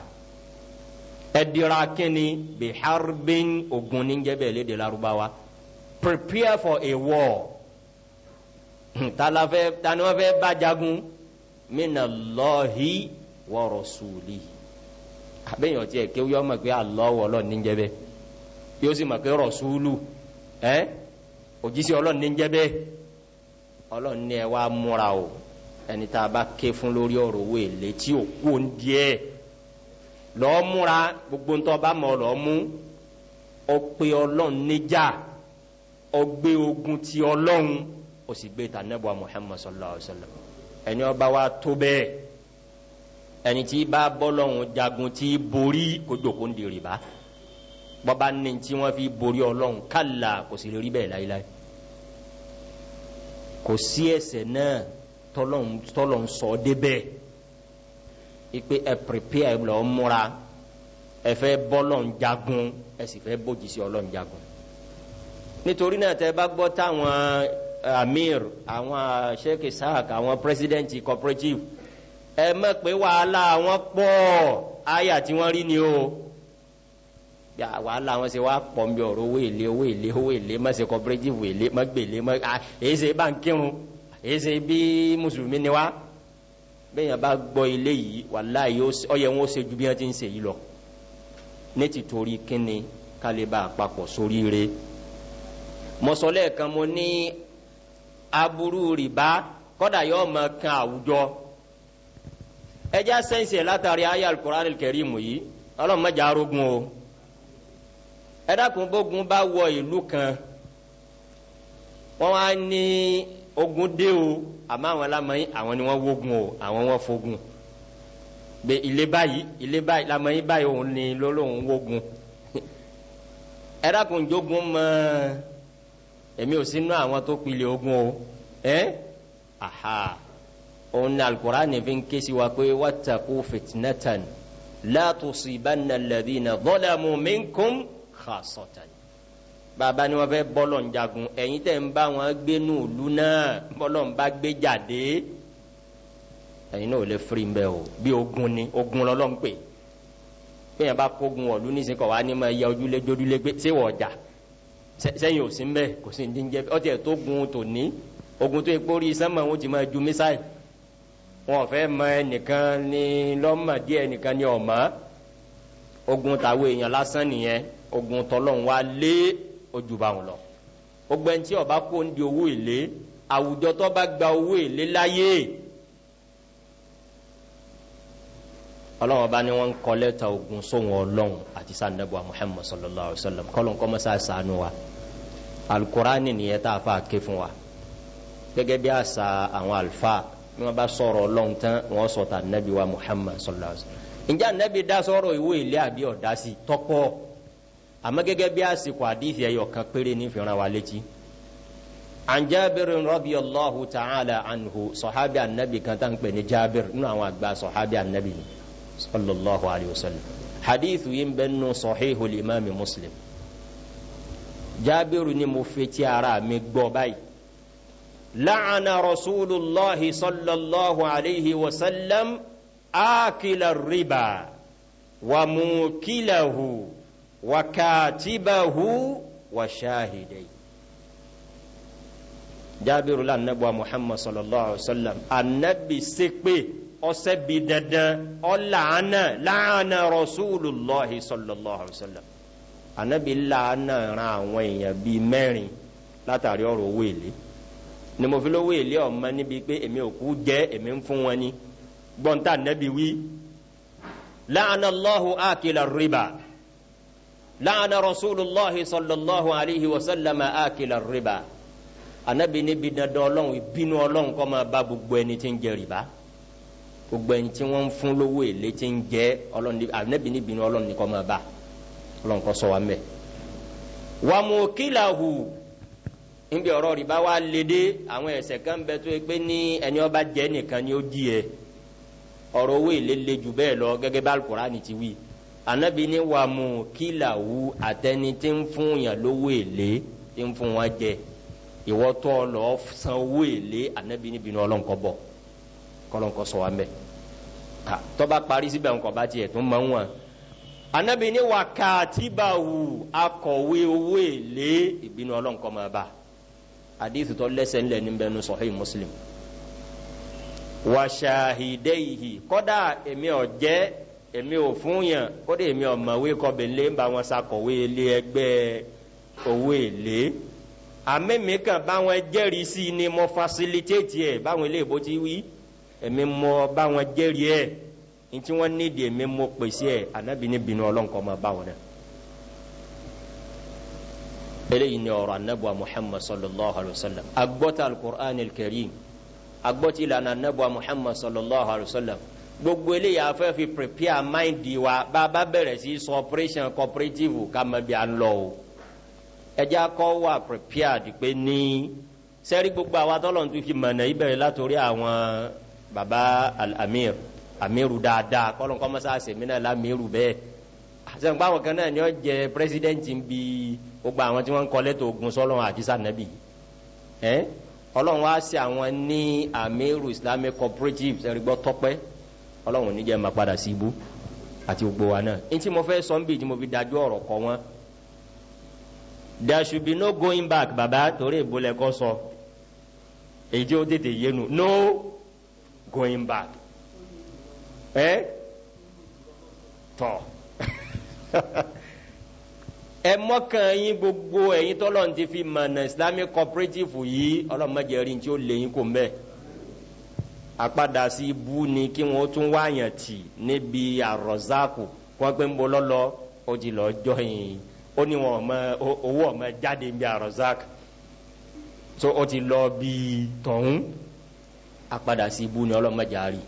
ẹdira kini bi harbin ogun ni jẹbẹ le de prepare for a war talafẹ hmm, tanuwafẹ bajagun mina lọhi wọrọsuli abeyan tiẹ kewu yọ ma pe alọ wọlọ ni jẹbẹ yóò sì ma pe rọsulu ẹ òjíṣẹ́ Ọlọ́run ni jẹbẹ Ọlọ́run ni wa múra o ẹni tá a bá ké fún lórí wo èlé o kú o lọ́ọ́ múra gbogbo ntọ́ bá mọ̀ lọ́ọ́ mú ọpẹ ọlọ́run níjà ọgbẹ ogun ti ọlọ́run ó sì gbé ta nebo muhammad sallallahu alaihi wa sallam ẹni ọba wa tó bẹ́ẹ̀ ẹni tí bá bọ́lọ́run jagun tí borí kó jòkó ń di rìbá bọ́ba ní tí wọ́n fi borí ọlọ́run kálá kò sì rí bẹ́ẹ̀ láéláé kò sí ẹsẹ̀ náà tọ́lọ́run sọ débẹ́ẹ̀ ipe ẹ prepare lọ múra ẹ fẹ́ bọ́lọ́n jagun ẹ sì fẹ́ bójì sí jagun nítorí náà tẹ bá gbọ́ táwọn eh, amir àwọn eh, sheikh isaac àwọn president cooperative ẹ mọ̀ pé wàhálà wọn pọ̀ àyà tí wọ́n rí ni o wàhálà wọn ṣe wá pọ̀ nbí ọ̀rọ̀ owó èlé owó èlé owó èlé má ṣe cooperative èlé má gbèlé má ah, èyí ṣe bá ń kírun èyí ṣe bí mùsùlùmí ni wá bẹ́yàn bá gbọ́ ilé yìí wàláhí ọyẹ wọn ó ṣe ju bí wọ́n ti ń ṣe yìí lọ ní ti torí kíni kálíbà àpapọ̀ sórí re mọ̀sọ́lẹ̀ kan mo ní aburú rìbá kọ́dà yọ ọmọ kan àwùjọ ẹja sẹ́ǹsì látàrí ayé alukoran kẹrìmù yìí ọlọ́mọdé arógun o ẹ̀dá kan bógun bá wọ ìlú kan wọ́n wá ní ogun dé o àmọ́ àwọn alámọ̀yìn àwọn ni wọ́n wógun o àwọn wọ́n fogun bẹ ilé báyìí ilé báyìí lamọ̀yìn báyìí òun ni lọ́lọ́hún wógun ẹ̀rákùn jogun mọ èmi ò sínú àwọn tó pilẹ̀ ogun o ẹ́ aha òun ni alukur'ani fi ń ké sí wa pé wàtàkù fìtínẹ́tàn látòsí ìbánilẹ̀ lẹ́dínà bọ́lá mu mí kún khasọ̀tàn bàbá ni wọ́n fẹ́ bọ́lọ̀ ń jagun ẹ̀yin tẹ̀ ń bá wọn gbé nù òlu náà bọ́lọ̀ ń bá gbé jáde ẹ̀yin náà ò lè firi mbẹ́ o bí ogun ni ogun lọ́lọ́ ń pè péyàn bá kógun ọ̀lú nísìnyí kọ̀ wá ní ma ya ojúlé jójúlé gbé ṣé wọ́n ọjà sẹ́yìn ò sí mbẹ́ kò sí ní jẹ́ ọtí ẹ̀ tó gun tò ní ogun tó yẹ kó rí sẹ́mọ̀ wọn ti máa ju mísáì wọn fẹ́ mọ ẹnìkan ní lọ́mọ díẹ̀ ẹnìkan ní ọ̀mọ́ ogun tàwọn èèyàn lásán nìyẹn ogun tọ́lọ́run wá lé ó ju báwọn lọ gbogbo ẹni tí ọba kó ń di owó èlé àwùjọ tó bá gba owó èlé láyé ọlọ́run ọba ni wọ́n ń kọ́ lẹ́tà ogun sóhun ọlọ́run àti sànẹ́bù muhammed sallallahu alayhi wa sallam kọ́lọ́n kọ́ mọ́sá sànú wa alukurani nìyẹn tá a fa ké fún wa gẹ́gẹ́ bí àṣà àwọn àlùfáà ni wọ́n bá sọ̀rọ̀ ọlọ́run tán wọ́n sọ̀tà nẹ́bí wa muhammed sallallahu alayhi wa sallam ǹjẹ́ ànẹ́bí dá sọ̀rọ̀ ìwé ilé àbí ọ̀dá sí tọ́pọ̀ àmọ́ gẹ́gẹ́ bí àsìkò àdìsí ẹ̀yọ̀ kan péré ní fìràn wa létí. عن جابر رضي الله تعالى عنه صحابي النبي كان تنقل جابر نوع أكبر صحابي النبي صلى الله عليه وسلم حديث ينبن صحيح الإمام مسلم جابر نمفتي أرامي قبي لعن رسول الله صلى الله عليه وسلم آكل الربا وموكله wakatibahu wa shahidai jabiru la anabuwa muhammad sallallahu alaihi wa sallam anabi sepe ọsẹ bi dandan ọlaana laana rasulillahi sallallahu alaihi wa sallam anabi laana ran àwọn èèyàn bíi mẹ́rin látàrí ọ̀rọ̀ owó èlé ni mo fi lówó èlé ọmọ níbi pé èmi ò kú jẹ èmi ń fún wọn ni gbọǹta anabi wí laana allahu akila riba láàánà rasulullahi sallallahu alayhi wa sallam akila riba anabi níbi dandan ọlọ́run ìbínú ọlọ́run kọ́ máa bá gbogbo ẹni tí ń jẹ rìbá gbogbo ẹni tí wọ́n ń fún lówó èlé tí ń jẹ anabi níbi ní ọlọ́run ní kọ́ máa bá ọlọ́run kọ́ sọ wa mẹ́. wà mú kílàhù níbi ọ̀rọ̀ rìbá wa lédè àwọn ẹ̀sẹ̀ kan bẹ tó pé ní ẹni ọba jẹ́ nìkan ni ó di ẹ ọ̀rọ̀ owó èlé le jù bẹ́ẹ̀ lọ gẹ́gẹ́ bá Al-Qur'ani ti wí anabi ni wà mú kílà wú àtẹni tí ń fún yàn lówó èlé tí ń fún wọn jẹ ìwọ tó lọ san owó èlé anabi ni bínú ọlọ́nkọ bọ̀ kọlọ́nkọ sọ wa mẹ́ tọ́ba parí síbẹ̀ ńkọ̀ bá tiẹ̀ tó máa ń wọ̀n anabi ni wà kàtíbà wù akọ̀wé owó èlé ìbínú ọlọ́nkọ máa bá àdìsí tó lẹ́sẹ̀ ńlẹ̀ níbẹ̀ ní sọ̀hí muslim wà ṣàhídẹ́yìí kọ́dà èmi ọ̀jẹ́ èmi ò fún yàn kódé èmi ọ̀mọ̀wé kọbìnrin ń bá wọn sakọ̀wé ilé ẹgbẹ́ owó èlé àmẹ́mi kan báwọn jẹ́rìí sí ni mo fasilitéètì ẹ̀ báwọn ilé ìbò ti wí èmi mọ báwọn jẹ́rìí ẹ̀ ní tí wọ́n nídi èmi mo pèsè ẹ̀ ànábì ní bínú ọlọ́nkọ́ máa bá wọn náà. eléyìí ni ọ̀rọ̀ anábọ̀ muhammad sallallahu alayhi wa sallam agbọ́ta alukur'an alkarim agbọ́ta ìlànà anábọ̀ muhammad sallallahu alayhi wa sallam gbogbo eléyà afẹ́ fi prepare mind wa bàbá bẹ̀rẹ̀ sí sọ operation cooperative kàmẹ́bí à ń lọ o ẹjẹ́ akọ́ wà prepared pé ní sẹ́rí gbogbo àwa tọ́lọ̀ tún fi mọ̀nà ìbẹ̀rẹ̀ látòrí àwọn bàbá amir amiru dáadáa kọ́lọ́n kọ́ mọ́sá sèmínà lámiru bẹ́ẹ̀ àtẹnukọ́ àwọn kan náà ni wọ́n jẹ bi gbogbo àwọn tí wọ́n ń kọ́ lẹ́tọ̀ ogun sọ́lọ́run àti sànẹ́bì ẹ́ ọlọ́run wá sí àwọn amiru islamic cooperatives ẹ̀rí gbọ́ tọ́pẹ́ ọlọ́run níjẹ́ máa padà sí ibú àti gbogbo wa náà ní tí mo fẹ́ sọ ń bì tí mo fi dájú ọ̀rọ̀ kọ wọn. there should be no going back bàbá torí ìbúlẹ̀ kọ́ sọ èyí tí ó tètè yénu no going back. ẹ tọ ẹ mọ́kàn yín gbogbo ẹ̀yin tọ́lọ́run ti fi mọ̀nà islamic cooperative yìí ọlọ́mọdé rí ní tí ó lè yín kò mẹ́ẹ̀. Akpadasi sí bú ni kí wọ́n tún wáyàn tì níbi àrọ̀záàkù wọ́n pé ń bọ́ lọ́lọ́ ó ti lọ́ọ́ jọyìn ó ní wọn ọmọ owó ọmọ jáde níbi àrọ̀záàkù so ó ti lọ bí tọ̀hún àpadà sí bú ni ọlọ́mọdé àárí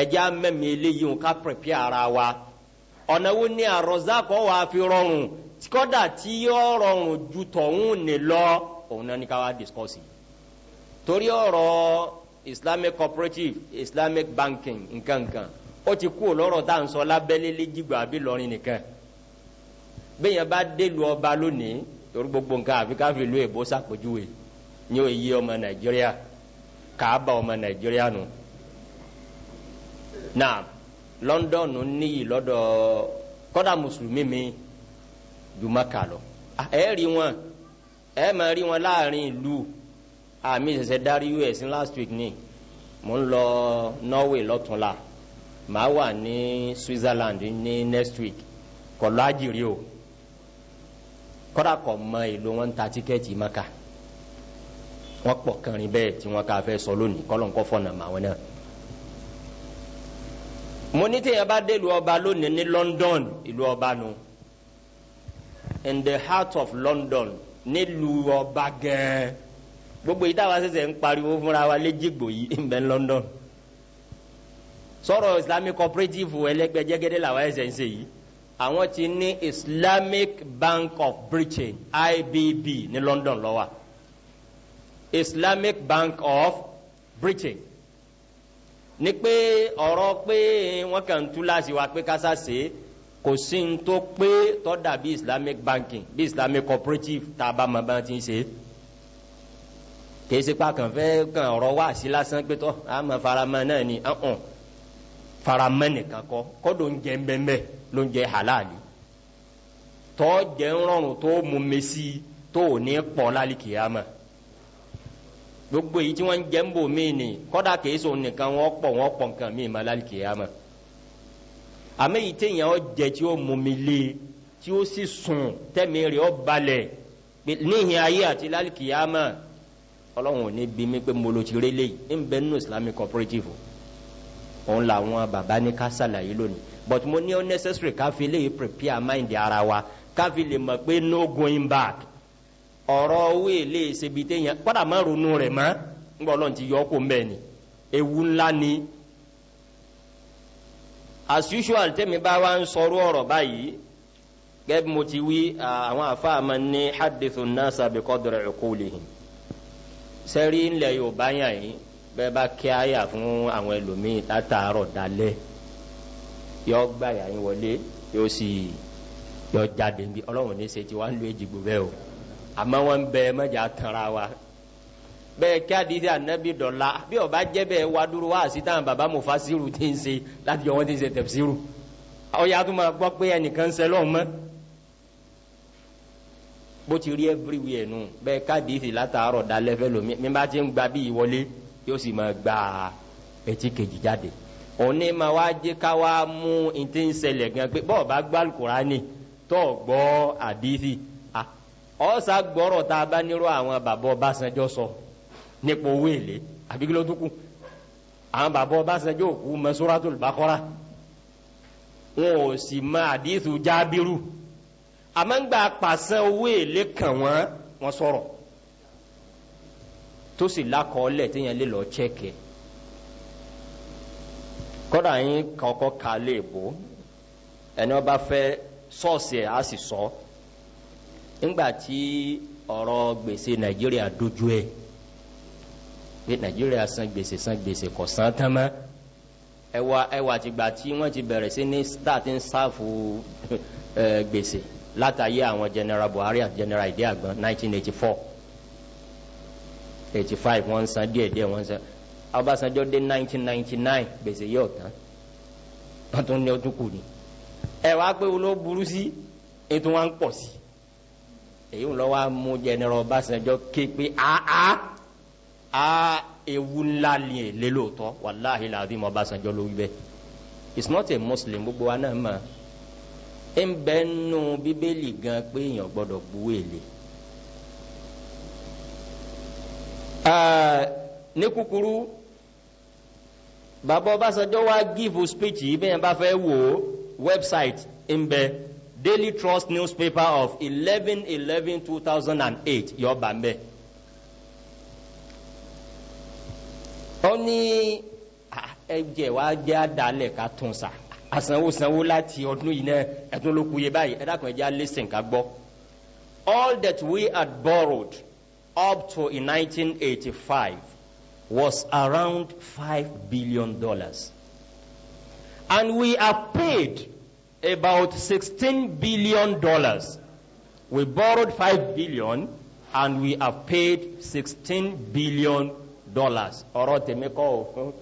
ẹ̀já mẹ́mi eléyìí ká pèpè ara wa ọ̀nà wo ni àrọ̀záàkù wà á rọrùn kọ́dà tí yọ rọrùn ju tọ̀hún ni lọ òun náà ní ká wá discourse torí ọ̀rọ̀ islamic cooperative islamic banking nǹkan nǹkan ó ti kú lọ́rọ̀ tá à ń sọ lábẹ́lé léjìgbà àbí lọ́rin nìkan bẹ́ẹ̀ bá délu ọba lónìí torí gbogbo nǹkan àfi káfí lu èbó sàpèjúwe ní òye ọmọ nàìjíríà kàába ọmọ nàìjíríà nù. náà london níyì lọ́dọ̀ kọ́dà mùsùlùmí mi jùmọ̀ kà lọ. ẹ rí wọn ẹ máa rí wọn láàrin ìlú àmì ah, ìṣẹ̀ṣẹ̀ darí us last week ni mo ń lọ norway lọ́túnla màá wà ní switzerland ní next week kọ̀ lájìrì o kọ́dà kọ̀ mọ èlò wọn ń ta tíkẹ́ẹ̀tì maka wọ́n pọ̀ kẹrin bẹ́ẹ̀ tí wọ́n ká fẹ́ sọ lónìí kọ́lọ̀ ń kọ́ fọ̀nà màwọn náà mo ní tẹ̀yìn bá dé ìlú ọba lónìí ní london ìlú ọba nu in the heart of london nílùú ọba gẹ́ẹ́ gbogbo yìí táwa ṣẹ̀ṣẹ̀ ń pariwo fúnra wa léjìgbò yìí ń bẹ London sọ̀rọ̀ Islamic cooperative ẹlẹ́gbẹ́jẹ́gẹ́dẹ́ làwa ẹ̀ṣẹ̀ ń ṣe yìí àwọn ti ní Islamic Bank of Britain IBB ní London lọ́wọ́ Islamic Bank of Britain ni pé ọ̀rọ̀ pé wọ́n kàn ń tú láti wá pé kásá ṣe é kò sí ní tó pé tó dà Islamic banking bí Islamic cooperative tá a bá mọ bá ti ń ṣe é kìí ṣe pa kàn fẹ́ kàn ọ̀rọ̀ wá sí lásán pé tọ́ àmọ́ faramọ́ náà ni ọ̀hún faramọ́ nìkan kọ́ kọ́ ló ń jẹ mbẹ́mbẹ́ ló ń jẹ halali tọ́ jẹ́ ń rọrùn tó mú mesi tó ò ní pọ̀ lálìkì àmọ́ gbogbo èyí tí wọ́n ń jẹ́ ń bò mí ni kọ́dà kìí ṣe òun nìkan wọ́n pọ̀ wọ́n pọ̀ nǹkan mí ma lálìkì àmọ́ àmọ́ èyí téèyàn jẹ tí ó mú mi lé tí ó sì sùn tẹ́mi rẹ̀ ó balẹ̀ níhìn ayé àti lálìkì àmọ́ ọlọ́run ò ní bí mi pé mo lo ti rélé yìí ń bẹ nínú islamic cooperative òun làwọn bàbá ní ká ṣàlàyé lónìí but mo ní ó necessary ká fi léyìí prepare mind ara wa ká fi lè mọ̀ pé no going back ọ̀rọ̀ owó èlé ìṣebi téèyàn kọ́dà má ronú rẹ̀ mọ́ nígbà ọlọ́run ti yọ ọ́ kó mbẹ́ ewu ńlá ni as usual tẹ́mi bá wa ń sọ̀rọ̀ ọ̀rọ̀ báyìí gẹ́gẹ́ bí mo ti wí àwọn àfáà máa ní hadithu nasa bi qadri uqulihim sẹ́rí ńlẹ̀ yorùbá yàn yín bẹ́ẹ̀ bá kí àyà fún àwọn ẹlòmíín látàárọ̀ dalẹ̀ yọ gbà yà yín wọlé yóò sì yọ jáde níbi ọlọ́run ní ṣe tí wàá lu èjìgbò bẹ́ẹ̀ o àmọ́ wọn bẹ mẹ́jà tanra wa bẹ́ẹ̀ kí àdìsí ànábì dọ̀la bí ọba jẹ́ bẹ́ẹ̀ wá dúró wá sí táwọn baba mufasiru ti ń ṣe láti yọ wọn ti ṣe tẹ̀síru ọ̀yà tó máa gbọ́ pé ẹnìkan ń ṣe mọ́ bó ti rí everywhere nù bẹ́ẹ̀ káàdì ìfì látàárọ̀ dalẹ́ fẹ́ lomi mi bá ti ń gba bí ìwọlé yóò sì máa gba etí kejì jáde òní máa wá jẹ́ ká wá mú ìtí ń ṣẹlẹ̀ gan pé bọ́ọ̀ bá gbá alukurani tó gbọ́ àdìsí ọ̀sà gbọ́rọ̀ tá a bá nírú àwọn bàbá Ọbásanjọ́ sọ nípa owó èlé àbí kí ló dúkù àwọn bàbá Ọbásanjọ́ òkú mọ Suratul Baqara wọn ò sì mọ àdìsí jábírù àmọ́ngbà pàṣẹ owó èlé kàn wọ́n wọ́n sọ̀rọ̀ tó sì lákọọ́lẹ̀ téèyàn lè lọ chẹ́kẹ̀ kọ́dà yín kọ́kọ́ ka lè bò ẹni wọ́n bá fẹ́ sọ́ọ̀sì ẹ̀ á sì sọ nígbà tí ọ̀rọ̀ gbèsè nàìjíríà dojú ẹ̀ pé nàìjíríà san gbèsè san gbèsè kò san tán mọ́ ẹwà ẹwà tìgbà tí wọ́n ti bẹ̀rẹ̀ sí ní start ń sáfù gbèsè látàyé àwọn general buhari àti general ìdí àgbọn 1984 85 wọ́n san díẹ̀ díẹ̀ wọ́n san ọbásanjọ́ dé 1999 gbèsè yóò tán wọ́n tún ní ọdún kù ni ẹ wá pé wọ́n ló burú sí ètò wọn ń pọ̀ sí èyí ń lọ wá mú general ọbásanjọ́ ké pé àá a ewu ńlá ni èlé lóòótọ́ wàláhìí làbí ọbásanjọ́ ló wí bẹ́ẹ̀ it's not a muslim gbogbo wa náà mọ̀ ọ́ ń bẹ nù bíbélì gan pé èèyàn gbọ́dọ̀ bu èlé. ní kúkúrú bàbá Ọbásanjọ́ wá gífù speech yìí bẹ́ẹ̀ bá fẹ́ wò ó website ń bẹ Daily Trust newspaper of eleven eleven two thousand and eight yọ bá ń bẹ. ó ní ẹ jẹ́ wá jẹ́ àdálẹ̀ ká tún sáà asanwosanwo láti ọdún yìí náà ẹtún ló kú báyìí ẹ dákun ẹ jẹ́ alẹ́sìn ká all that we had borrowed up to in 1985 was around five billion dollars and we are paid about sixteen billion dollars we borrowed five billion and we are paid sixteen billion dollars ọ̀rọ̀ tèmi kọ́ òfin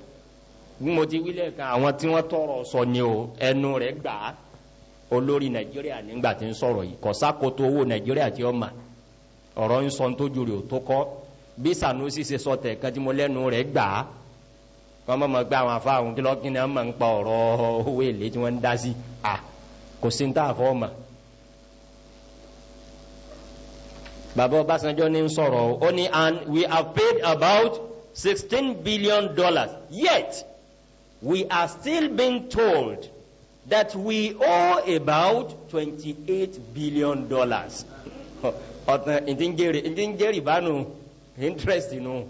mo ti wílẹ̀ kan àwọn tí wọ́n tọrọ sọ ni o ẹnu rẹ̀ gbà á olórí nàìjíríà nígbà tí ń sọ̀rọ̀ yìí kò sákòtò owó nàìjíríà tí ó mà ọ̀rọ̀ ń sọ tó ju rè ó tó kọ́ bí sanusi ṣe sọ tẹ̀ kan tí mo lẹ́nu rẹ̀ gbà á wọ́n mọ̀ mọ̀ gbé àwọn afáwọn kí lọ́kí ni wọ́n mọ̀ ń pa ọ̀rọ̀ owó èlé tí wọ́n ń dá sí à kò sí ń tà fọ́ mà. bàbá ọbásanjọ́ ní ń sọ̀rọ̀ ó ní and we have paid about sixteen billion dollars yet we are still being told that we owe about $28 billion. dollars. ọ̀tàn ìdíngèrè ìbánu interest inú.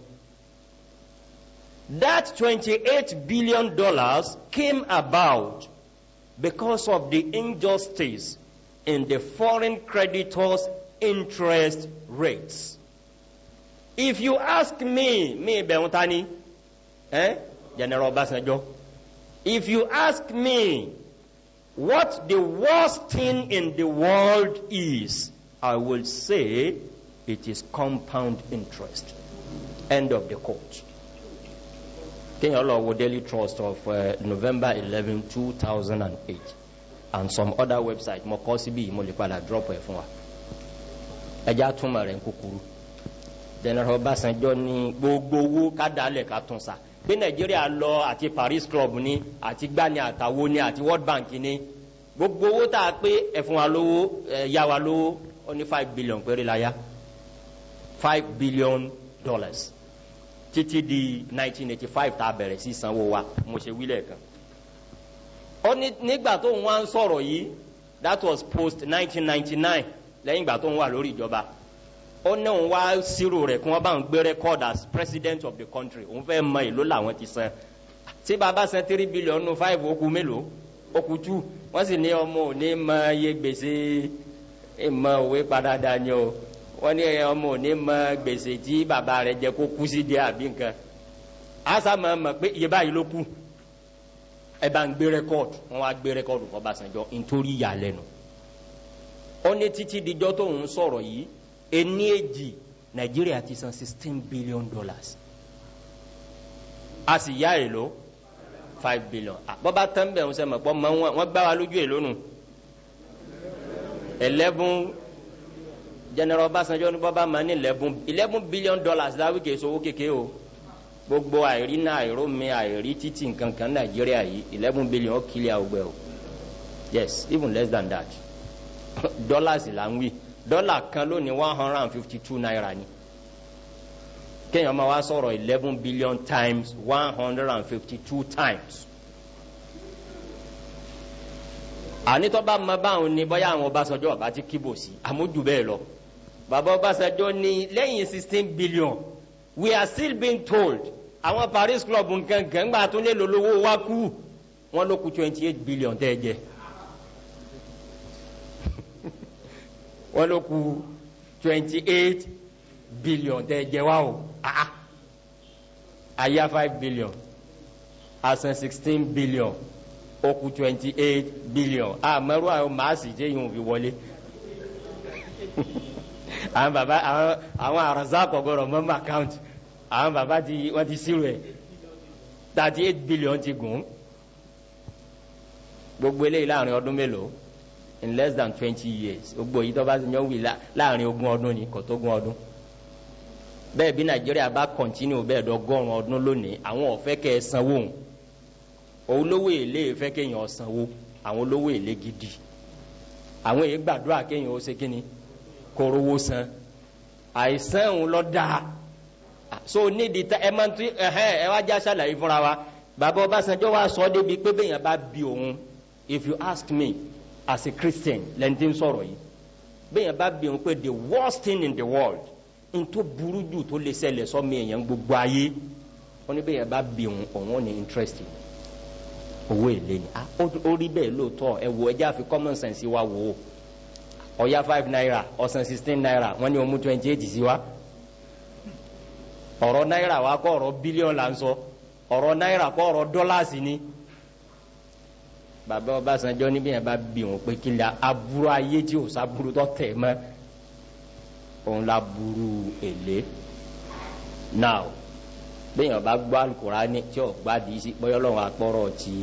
That $28 billion dollars came about because of the injustice in the foreign creditors' interest rates. If you ask me, me Bẹ̀rùntani, eh? General Obasanjo. If you ask me what the worst thing in the world is, I will say it is compound interest. End of the quote. Kenya Law Daily Trust of uh, November 11, 2008. And some other website, Mokosibi, Molipada, drop a phone. Ẹja túmọ̀ rẹ̀ ń kúkúrú. General Obasanjo ní gbogbo owó kádàálẹ̀ pé nàìjíríà lọ àti paris club ni àti gbani àtàwo ni àti world bank ni gbogbo owó tá a pé ẹ̀fún wa lówó ẹ̀yà wa lówó ó ní five billion péré la yá five billion dollars títí di nineteen eighty five tá a bẹ̀rẹ̀ sí sanwó wa mo ṣe wílẹ̀ kan ó ní nígbà tó ń wá ń sọ̀rọ̀ yìí that was post nineteen ninety nine lẹ́yìn ìgbà tó ń wà lórí ìjọba ó náà wá sírò rẹ̀ kí wọ́n bá ń gbé record as president of the country òun fẹ́ mọ èló làwọn ti san tí bàbá san three billion nù five ó kù mélòó ó kù two wọ́n sì ní ọmọ ò ní mọ iye gbèsè ìmọ̀ òwe padà dání o wọ́n ní ọmọ ò ní mọ gbèsè tí bàbá rẹ̀ jẹ́ kó kú sí díẹ̀ àbí nǹkan àṣà mọ̀ mọ̀ pé iye báyìí ló kù ẹ bá ń gbé rẹ́kọ̀d wọ́n wá gbé rẹ́kọ̀d fún nítorí ìyàlẹ́nu ó ní títí dijọ́ tóun sọ̀rọ̀ yìí ení Nigeria nàìjíríà ti san sixteen billion dollars a sì yá èlò five billion àbọ̀bá tán bẹ̀ ń sẹ́ mọ̀ pọ̀ mọ́ wọn gbá wa lójú èlò nù eleven general basanjọ ní bọ́bá máa ní eleven eleven billion dollars láwí kìí sọ owó kékeré o gbogbo àìrí náà àìrómi àìrí títì nǹkan kan nàìjíríà yìí eleven billion ó kílíà ọgbẹ́ o yes even less than that dollars là ń wí dọ́là kan lónìí one hundred and fifty two naira ni kéèyàn máa wá sọ̀rọ̀ eleven billion times one hundred and fifty two times. ànitọ́ bá ma báwọn ni bọ́yá àwọn Ọbásanjọ́ ọba ti kíbò sí àmójú bẹ́ẹ̀ lọ bàbá Ọbásanjọ́ ní lẹ́yìn sixteen billion we are still being told àwọn Paris Club nǹkan gẹ̀ngbà tó lè lò lówó wá kú wọn ló kù twenty eight billion tẹ́ ẹ jẹ́. wọ́n ló ku twenty eight billion tẹ́ jẹ wá o ah àyà ah. five billion àsàn sixteen billion O ku twenty eight billion àmọ́rú àwọn màásì jẹ́ yìí ò fi wọlé àwọn baba àwọn àràzà kọ̀gọ́rọ̀ mọ́mọ́ account àwọn baba ti wọ́n ti sírò ẹ̀ thirty eight billion ti gùn gbogbo eléyìí láàrin ọdún mélòó in less than twenty years gbogbo yìí tó bá ti yàn wí láàrin ogún ọdún ni kò tó ogún ọdún bẹ́ẹ̀ bí nàìjíríà bá kọ̀ntínú bẹ́ẹ̀ dọ́gọ́rùn ọdún lónìí àwọn ọ̀fẹ́ kẹ́ ẹ sanwó òun olówó èlé fẹ́ kéèyàn sanwó àwọn olówó èlé gidi àwọn èyí gbàdúrà kéèyàn ó ṣe kíni korowó san àìsàn òun lọ dáa so nídìí tá ẹ máa ń tún ẹ wá já ṣàlàyé fúnra wa bàbá ọbásanjọ́ wa sọ ọ́ débi pé bẹ́ẹ̀ yẹn bá bi òun if you ask me as a christian lẹ́ntì ń sọ̀rọ̀ yìí bẹ́ẹ̀ yẹn bá bí pé the worst thing in the world n tó burú jù tó lè ṣẹlẹ̀ sọ́mi èèyàn gbogbo ayé wọn ní bẹ́ẹ̀ yẹn bá bí wọn ní interest owó èlé ni ah, ó rí bẹ́ẹ̀ lóòótọ́ ẹ wò ẹjẹ́ àfi common sense wa wò ó ọ̀ya five naira ọ̀sán sixteen naira wọ́n ní ọmú twenty eight sí wa ọ̀rọ̀ naira wa kọ́ ọ̀rọ̀ bílíọ̀nù là ń sọ ọ̀rọ̀ naira kọ́ ọ̀rọ̀ dọ́là ni bàbá ọbásanjọ́ níbi yẹn bá bí òun pé kí la aburú ayé tí ò sábúrú tó tẹ̀ mọ́ òun la burú èlé náà bẹ́ẹ̀ ọba gbọ́ alukurani tí ò gbádìí sí bọ́yọ́ lọ́wọ́ akpọ́rọ̀ ti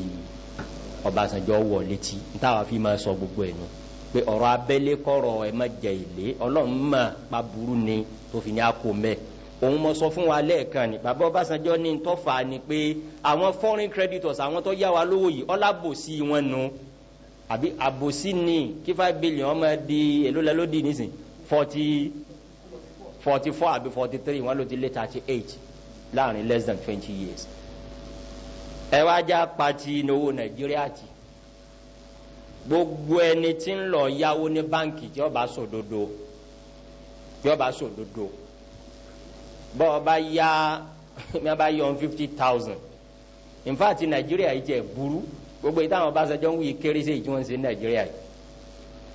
ọbásanjọ́ wọ̀ létí ntáwa fi máa sọ gbogbo ẹ̀ nù pé ọ̀rọ̀ abẹ́lé kọ̀rọ̀ ẹ̀ má jẹ èlé ọlọ́run mọ̀ pa burú ni tó fi ní akó mẹ́ẹ̀ òun mọ sọ fún wa lẹ́ẹ̀kan ni bàbá ọbásanjọ́ ní tọ́fà ni pé àwọn foreign creditors àwọn tó yá wa lówó yìí ọlábòsí wọn nu àbí àbòsí ni kí five billion ọmọ di èló lẹ ló di nísìn forty forty four àbí forty three wọn ló ti lé thirty eight láàrin less than twenty years ẹ wá já pati nowó nàìjíríà tì gbogbo ẹni tí ń lọ yáwó ní báǹkì tí ọba sòdodo tí ọba sòdodo. So bọ́ ọ bá yá mi bá yọ ọ́n fifty thousand in fact nàìjíríà yìí jẹ́ burú gbogbo yìí táwọn ọbaṣẹjọ ń wuyi kéré sí èyí tí wọ́n ń ṣe nàìjíríà yìí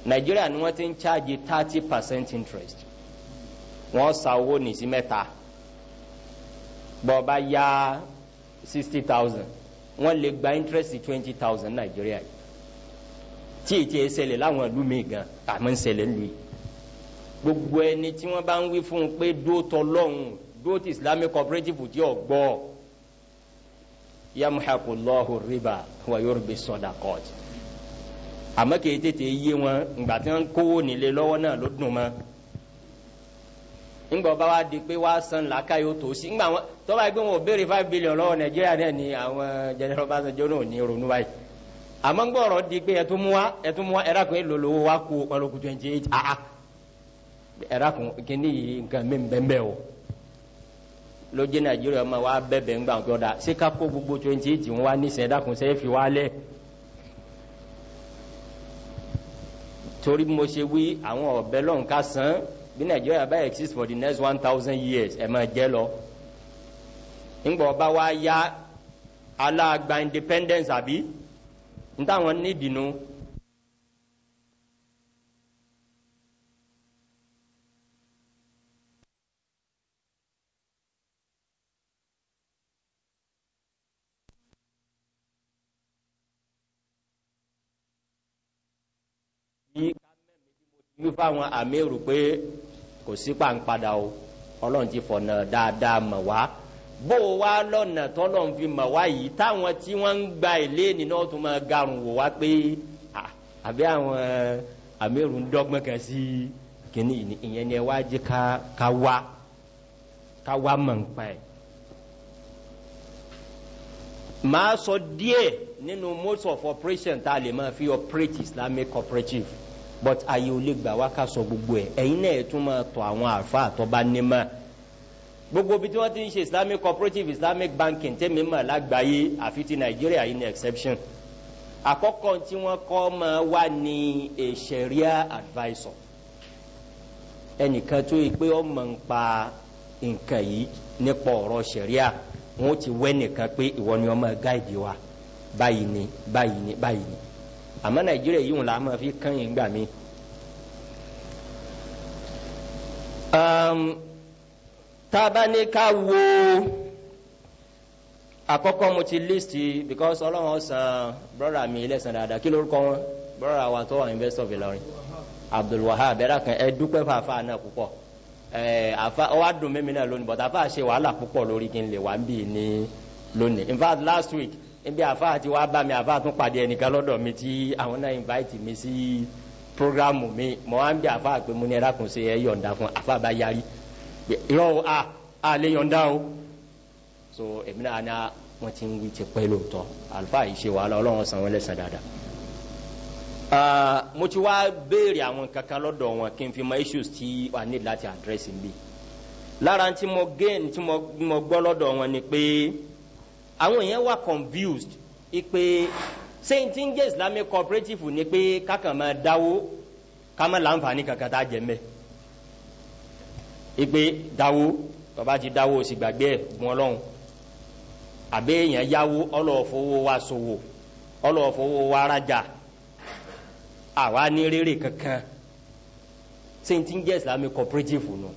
nàìjíríà ni wọ́n ti ń charge thirty percent interest wọ́n sa owó nìsí mẹ́ta bọ́ ọ bá yá sixty thousand wọ́n lè gba interest twenty thousand nàìjíríà yìí tí èyí ti ẹ ṣẹlẹ̀ láwọn ìlú mi gan àmọ́ ń ṣẹlẹ̀ ń lu yìí gbogbo ẹni tí wọ́n bá ń wí fún un pé dóòtọ́ lọ́hùn-ún dúró islamic cooperative tí ọ gbọ́ yamuhaku lọ́hu riba wa yorùbá sọ̀dà kọ́ọ̀tì àmọ́ kì í tètè yé wọn ìgbà tí wọ́n kówó nílé náà ló dùn bá di pé wá san làákàyè ó tó sí wọn tọ́ba yìí wọn béèrè ni àwọn general basanjọ́ náà ò ní ronú báyìí àmọ́ di pé o ló jẹ́ nàìjíríà ọmọ wa bẹ̀bẹ̀ ń gbà ń gbọ́dà ṣé ká kó gbogbo twenty eight ń wá nísìnyí dákun ṣe é fi wá lẹ̀. torí mo ṣe wí àwọn ọ̀bẹ lọ́hùn ká san bí nàìjíríà bá exist for the next one thousand years ẹ̀ máa jẹ́ lọ. ńgbà ọba wa ya aláàgbà independence àbí ń táwọn nídìí nu. No wí fáwọn àmẹ́rù pé kò sí pàǹpadà o ọlọ́run ti fọ̀nà dáadáa mọ̀ wá bó o wá lọ́nà tọ́lọ́run fi mọ̀ wá yìí táwọn tí wọ́n ń gba ilé nínú ọ̀tún máa garùn wò wá pé àbí àwọn àmẹ́rù ń dọ́gbọ́n kan sí kìíní ìyẹn ni ẹ wá jẹ́ ká wá ká wá mọ̀ ń pa ẹ̀. màá sọ díẹ̀ nínú modes of operation tá a lè máa fi operate islamic cooperative but ayé ò lè gbà wá ká sọ gbogbo ẹ̀ ẹ̀yin náà ẹ̀ tún máa tọ̀ àwọn àfa àtọ́ba nímọ̀ gbogbo bí tí wọ́n ti ń ṣe islamic cooperative islamic banking tẹ́mi mọ̀ lágbàáyé àfi ti nàìjíríà yìí ní exception àkọ́kọ́ tí wọ́n kọ́ máa wà ní a sharia advisor ẹnìkan tó yẹ pé ó mọ̀ ń nǹkan yìí nípa ọ̀rọ̀ sharia wọ́n ti wẹ́ nìkan pé ìwọ ni wọ́n máa gáìdì wa báyìí ni báyìí ni báyìí ni àmọ́ nàìjíríà yìí ń la máa fi kán yín gbà mí. tá a bá ní ká wo àkọ́kọ́ mo ti líìsì because ọlọ́run ọ̀sán brọ́dà mi lẹ́sàn dáadáa kí lórúkọ wọn brọ́dà wa tó wà investor of Ìlọrin Abdulwahab ẹ̀rọ kan ẹ dúpẹ́ fàáfà náà púpọ̀ ẹ afa ọwọ́ adùn mímí náà lónìí but afa ṣe wàhálà púpọ̀ lórí kí n lè wá ń bì ní lónìí in fact last week níbi àfáà ti wá bá mi àfáà tún pàdé ẹnìkan lọ́dọ̀ mi tí àwọn náà invite mi sí programu mi mọ̀ á ń bí àfáà pé mo ní ẹ̀rá kùn sí ẹ yọ̀ǹda fún àfáà bá yarí a a lè yọ̀ǹda o so èmi náà ni wọ́n ti ń wí ti pẹ́ lóòótọ́ àlùfáà yìí ṣe wàhálà ọlọ́run san wọn lẹ́sàn dáadáa. mo ti wá béèrè àwọn kankan lọ́dọ̀ wọn kí n fi mọ issues tí wà ní láti address mi lára tí mo gain tí mo gbọ́ lọ́dọ̀ wọn ni pé. Pe àwọn èèyàn wà confused ipe saint inge islamic cooperative ni pé kákan máa dáwó ká má láǹfààní kankan tá a jẹ mẹ ipe dáwó tọba ti dáwó o sì gbàgbé ẹ gun Ọlọ́run àbẹ èèyàn yáwó ọlọfowó wa ṣòwò ọlọfowó wa rajà àwa ní rere kankan saint inge islamic cooperative nù. No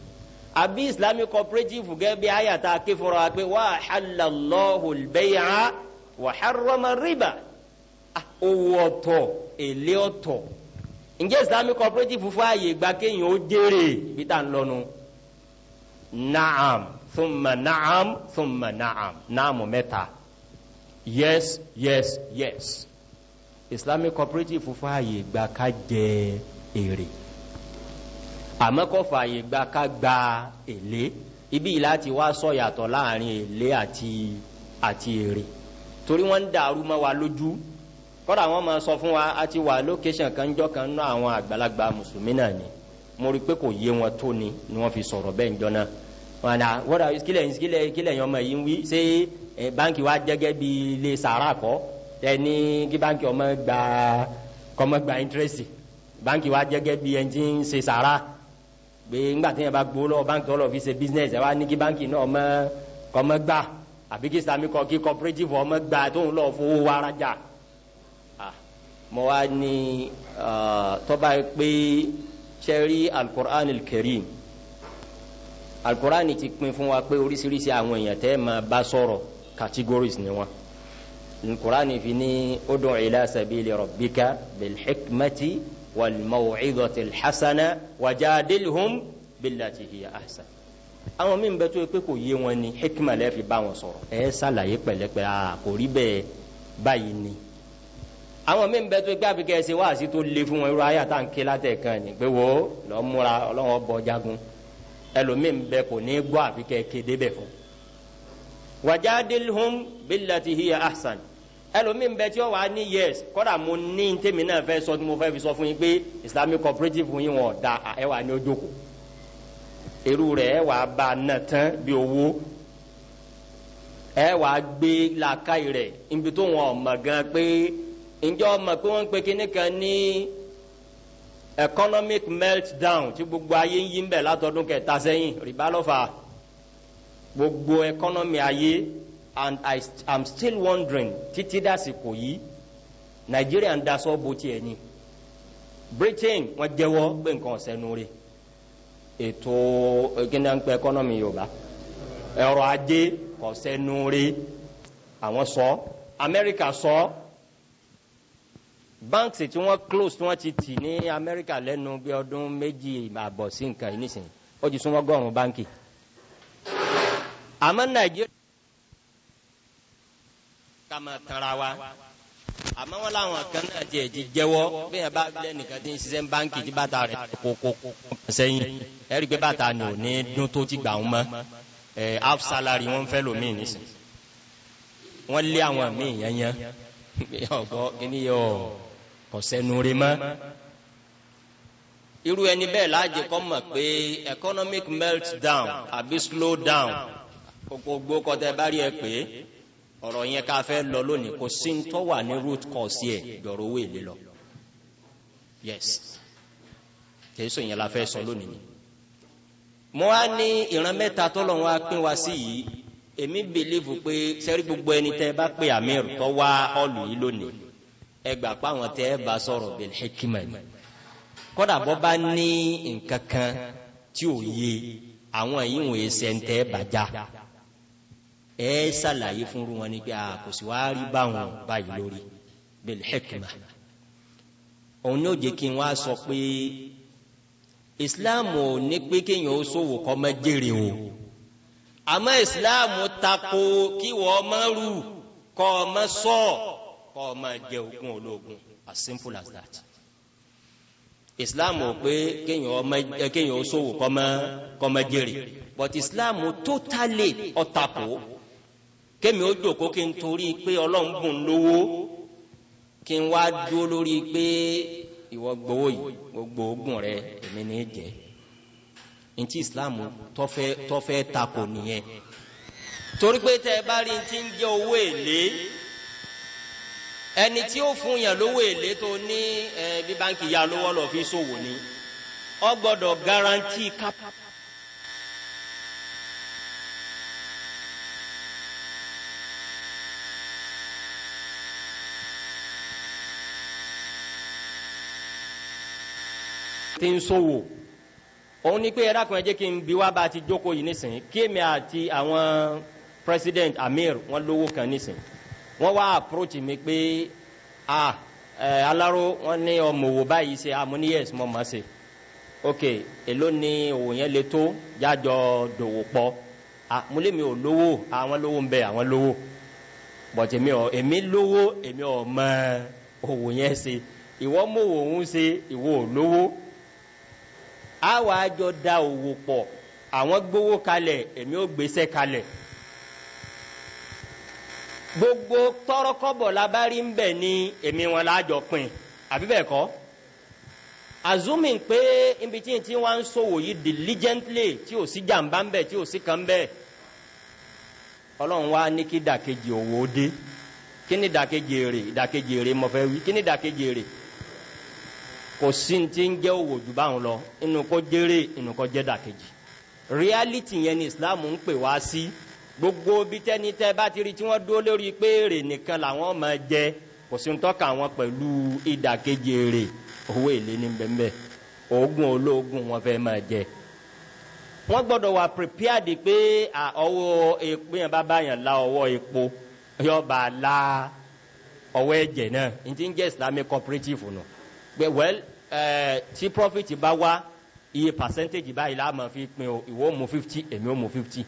àbí islamic cooperative gẹ́gẹ́ bí àyàtà ké fúnra wa pé wà á xalallahu bẹ́yà wà á xarama riba ah, owó ọ̀tọ̀ èlé ọ̀tọ̀ ǹjẹ́ islamic cooperative fún ààyè gba kéèyàn ó dérè bí tá à ń naam thumma naam thumma naam naamu mẹ́ta yes yes yes islamic cooperative fún ààyè gba ká jẹ èrè. E àmọ́ kò fààyè gba ká gba èlé ibi láti wá sọ̀yàtọ̀ láàrin èlé àti àti èrè torí wọ́n ń dàrú mọ́ wa lójú kọ́dà wọ́n máa sọ fún wa a ti wà lókèṣàn kan jọ́ kan ná àwọn àgbàlagbà mùsùlùmí náà ni mo rí i pé kò yé wọn tó ni ni wọ́n fi sọ̀rọ̀ bẹ́ẹ̀ jọ náà wọn àná wọ́n kílẹ̀ kílẹ̀ kílẹ̀ yẹn yìí ń wí ṣé báńkì wa jẹ́gẹ́ bí ilé sàrà kọ́ ẹni kí báńkì ọmọ gba kọ́mọ gba íńtírẹ́sì báńkì wa jẹ́gẹ́ bí ẹni tí ń ṣe sàrà pé ńgbà tí yẹn bá gbó lọ báńkì ọlọ́ fi ṣe business ẹ̀ wá ní kí báńkì náà mọ́ kọ́mọ́ gbà àbí kí sami kọ́ kí cooperative ọmọ gbà tóun lọ fowó wa rajà mo wá ní tọ́ba pé sẹ́rí alukur'an kẹrin alukur'an ti pin fún wa pé oríṣiríṣi àwọn èèyàn tẹ́ máa bá sọ̀rọ̀ categories ni wọn alukur'an fi ní ó dùn ila sabili rabbika bil hikmati. والموعظة الحسنة وجادلهم بالتي هي أحسن àwọn míì bẹ tó yẹ pé kò yé wọn ni hikima lẹ fi bá wọn sọ̀rọ̀ ẹ ṣàlàyé pẹ̀lẹ́pẹ̀lẹ́ a kò rí bẹ́ẹ̀ báyìí ni àwọn míì bẹ tó yẹ pé àbíkẹ́ ẹsẹ̀ wá sí tó le fún wọn irú ayé àtà ń ni pé wo lọ́ọ́ múra ọlọ́wọ́ bọ jagun ẹlòmíì bẹ kò ní gbọ́ àbíkẹ́ kéde bẹ̀ fún. wàjáde lóhùn bílẹ̀ ti hiya ahsan ẹlòmíín bẹ tí ó wà ní yes kọ́dà mo ní tèmi náà fẹ́ sọ tí mo fẹ́ fi sọ fún yín pé islamic cooperative yín wọ̀n da ẹ wà ní ojoko irú rẹ̀ ẹ wà bá a nà tán bí owó ẹ wà gbé làákàyè rẹ̀ níbi tó wọn mọ̀ gan pé ǹjẹ́ ọ pé wọ́n ń pe kinní kan ní economic meltdown tí gbogbo ayé ń yí ń bẹ̀ látọdún kẹta sẹ́yìn rìbá gbogbo economy ayé and I am still wondering títí dàsìkò yìí Nigeria ń daṣọ bo tiẹ̀ ni britain wọ́n jẹ́wọ́ pé nǹkan ọ̀sẹ̀nu rẹ̀ ètò gínáńpẹ́ eh, economy yorùbá ẹ̀rọ ajé ọ̀sẹ̀nu rẹ̀ àwọn sọ amẹ́ríkà sọ banks tí wọ́n close tí wọ́n ti tì ní amẹ́ríkà lẹ́nu bí ọdún méjì àbọ̀ sí nǹkan yìí nísìnyí ó ti sún ọgọ́rùn-ún báńkì àmọ́ nàìjíríà ká máa tanra wa àmọ́ wọn làwọn kan náà jẹ́ ti jẹ́wọ́ bí bá lẹ́ nìkan tí ń ṣiṣẹ́ báńkì tí bàtà rẹ̀ kókó sẹ́yìn ẹ̀rí pé bàtà ni ò ní dún tó ti gbà wọn mọ́ ẹ̀ half salary wọn fẹ́ lòmíì nísìn wọ́n lé àwọn míì yẹn yẹn ọ̀gbọ́ yọ ọ̀sẹ̀nu rí mọ́ irú ẹni bẹ́ẹ̀ láàjẹ kọ́ mọ̀ pé economic meltdown àbí slow down gbogbo kọ́tẹ́ bá rí ẹ pé ọ̀rọ̀ yẹn ká fẹ́ lọ lónìí kò sí ń tọ́ wà ní root cause yẹ dọ̀rọ̀ owó èlé lọ yes kèésù yẹn la fẹ́ sọ lónìí mo á ní ìran mẹ́ta tọ́lọ̀ wa pín wa sí yìí èmi bèlèvù pé sẹ́rí gbogbo ẹni tẹ́ bá pè amir tọ́ wá ọ̀lù yìí lónìí ẹ gbà pé àwọn bá sọ̀rọ̀ bil hikima kọ́dà bọ́ bá ní nǹkan kan tí ò yé àwọn yìí wòye sẹ́ńtẹ́ bàjá ẹ ṣàlàyé fún wọn ni pé kò sí wàá rí báwọn báyìí lórí bil hikma òun ní òjè kí n wá sọ pé islam ò ní pé kéèyàn ó ṣòwò kọ́ mọ́ jèrè o àmọ́ islam tako kí wọ́n mọ́ rù kọ́ ọ sọ kọ́ ọ jẹ ogún ológun as simple as that islam ò pé kéèyàn ó eh, ṣòwò kọ́ mọ́ jèrè but islam totally ó tako kémi ó jòkó kí n torí pé ọlọ́run bùn lówó kí n wá dúró lórí pé ìwọ gbowó yìí gbogbo oògùn rẹ èmi ní jẹ ntí islam tọfẹ tọfẹ takò nìyẹn torí pé tẹ ẹ bá rí ti ń jẹ owó èlé ẹni tí ó fún yàn lówó èlé tó ní ẹ bí báńkì yá lówó lọ fi ṣòwò ni ọ gbọdọ garanti kápá tí ń sòwò òun ni pé ẹ̀dá kan ẹ jẹ́ kí n bi wá bá a ti jókòó yìí nísìnyí kí àti àwọn president amir wọn lówó kan nísìnyí wọn wá approach mi pé a ẹ aláró wọn ní ọmọ òwò báyìí ṣe amúníyẹs mọ mọ ṣe ok èló ni òwò yẹn le tó jájọ dòwò pọ̀ a mo lé mi ò lówó àwọn lówó ń bẹ àwọn lówó bọ̀tẹ̀ mi ò èmi lówó èmi ò mọ òwò yẹn ṣe ìwọ mọ òwò ń ṣe ìwọ ò lówó àwa àjọ da òwò pọ̀ àwọn gbowó kalẹ̀ èmi ò gbèsè kalẹ̀ gbogbo tọrọkọbọ labari ń bẹ ní èmi wọn lájọ pin àbí bẹ́ẹ̀ kọ́ azumi pé ibi tí tí wọn ń sòwò yìí diligently tí ò sí jàǹbá ń bẹ tí ò sí kan bẹ ọlọ́run wa ní kí dàkejì òwò dé kí ni dàkejì èrè dàkejì èrè mo wí kí ni dàkejì èrè kò sí ní ti ń jẹ́ òwò jù báwọn lọ inú kó jèrè inú kó jẹ́ dàkejì reality yẹn ni islam ń pè wá sí gbogbo bí tẹ́ni tẹ́ bá ti rí tí wọ́n dúró lórí pé èrè nìkan làwọn máa jẹ kò sí ń tọ́ka wọn pẹ̀lú ìdàkejì èrè owó èlé ní bẹ́ẹ̀ oògùn olóògùn wọn fẹ́ máa jẹ wọ́n gbọ́dọ̀ wà prepared pé ọwọ́ epo yẹn bá báyàn la ọwọ́ epo yọba la ọwọ́ ẹ̀jẹ̀ náà n ti ń jẹ́ islamic cooperative nù pé well ẹ eh, tí profit bá wá iye percentage báyìí la ma fi pin o ìwọ mu fifty èmi o mu fifty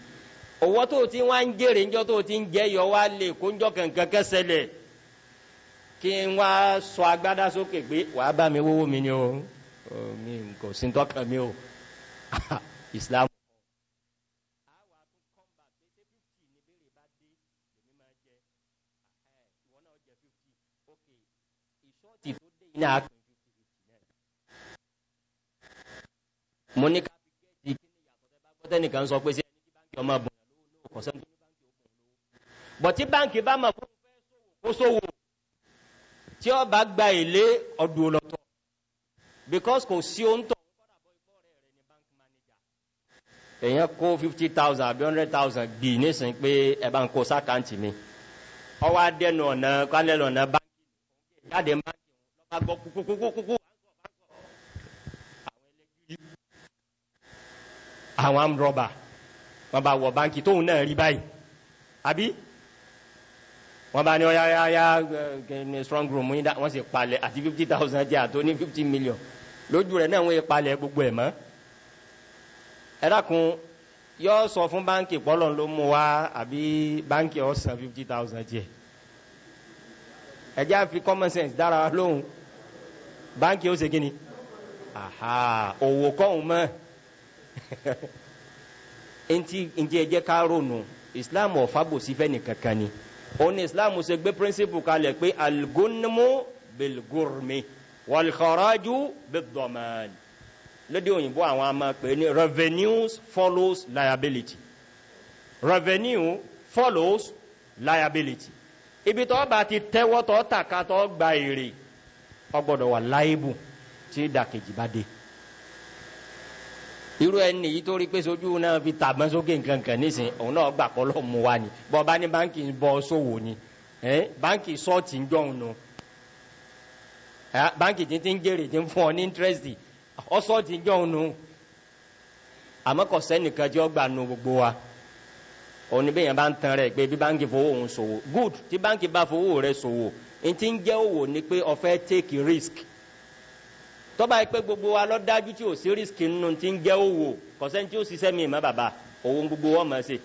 owó tó ti wá ń jèrè ńjọ́ tó ti ń jẹ́ yọ wá lè kó ńjọ́ kankan kẹsẹ̀lẹ̀ kí n wá sọ agbádá sókè pé wàá bá mi wówó mi ni o mi kò sí tọkàn mi o Islam. ní a mo ní ká fi gẹ́ẹ̀dì kí ni yàtọ̀ tẹ́ bá gbọ́tẹ́ nìkan sọ pé sí ẹni tí báńkì ọmọ bùn lówó lówó sẹ́ni tí báńkì ó bùn lówó bọ̀ tí báńkì bá mọ̀ fún fẹ́ sòwò kó sòwò tí ó bá gba èlé ọdún lọ́tọ̀ because kò sí ohun tó ń kọ́ra bọ́ ikọ́ rẹ̀ rẹ̀ ní bank manager èèyàn kó fifty thousand àbí hundred thousand gbì nísìn pé ẹ bá ń kó sákàǹtì mi ọwọ́ adẹ́nu ọ̀nà kálẹ̀ ọ̀nà báńkì jáde báńkì àwọn amrọ̀bà wọ́n bá wọ̀ báńkì tóun náà rí báyìí àbí wọ́n bá ní ọ̀yá yáyá eh, eh, strong room yín wọ́n sì palẹ̀ àti fifty thousand jẹ́ àtó ní fifty million lójú rẹ̀ náà wọ́n yẹ palẹ̀ gbogbo ẹ̀ mọ́ ẹ dákun yọ sọ fún báńkì pọ́lọ̀ ló mú wa àbí báńkì ọ̀sán fifty thousand jẹ́ ẹ̀já fi common sense dára lóhùn báńkì ó ṣe kí ni aha òwò kọ́hùn mọ́ eŋti ǹjẹ́ ẹ jẹ́ ronú islam ọ̀fà bò sí fẹ́ nìkan kan ni òun ni islam ṣe gbé principle kalẹ̀ pé algonmo belgormi walxaraju bedoman lédè òyìnbó àwọn àmà pé ni revenues follows liability revenue follows liability ibi tó bá ti tẹ́wọ́ tó tàka tó gba èrè ọgbọ́dọ̀ wà láìbù tí dàkejì bá dé. irú ẹni yìí tó rí pé sojú náà fi tàbọn sókè nǹkan nísìn òun náà gbà wa ni bọ́ba ní báńkì ń sówò ni báńkì sọ́ọ̀tì ń jọ̀hún nu báńkì tí ń jèrè tí ń fún ọ ní interest ọ sọ́ọ̀tì ń nu tí ó gbà nu gbogbo wa òun ni bí yẹn bá ń tan rẹ̀ pé bí báńkì fowó òun good ń tọ́ba yìí pé gbogbo wa lọ dájú tí o series kìnnú ti ń jẹ́ owó kọ̀sẹ́ni tí ó ṣiṣẹ́ mi ìmọ̀ bàbá owó gbogbo wọn mọ̀ ṣe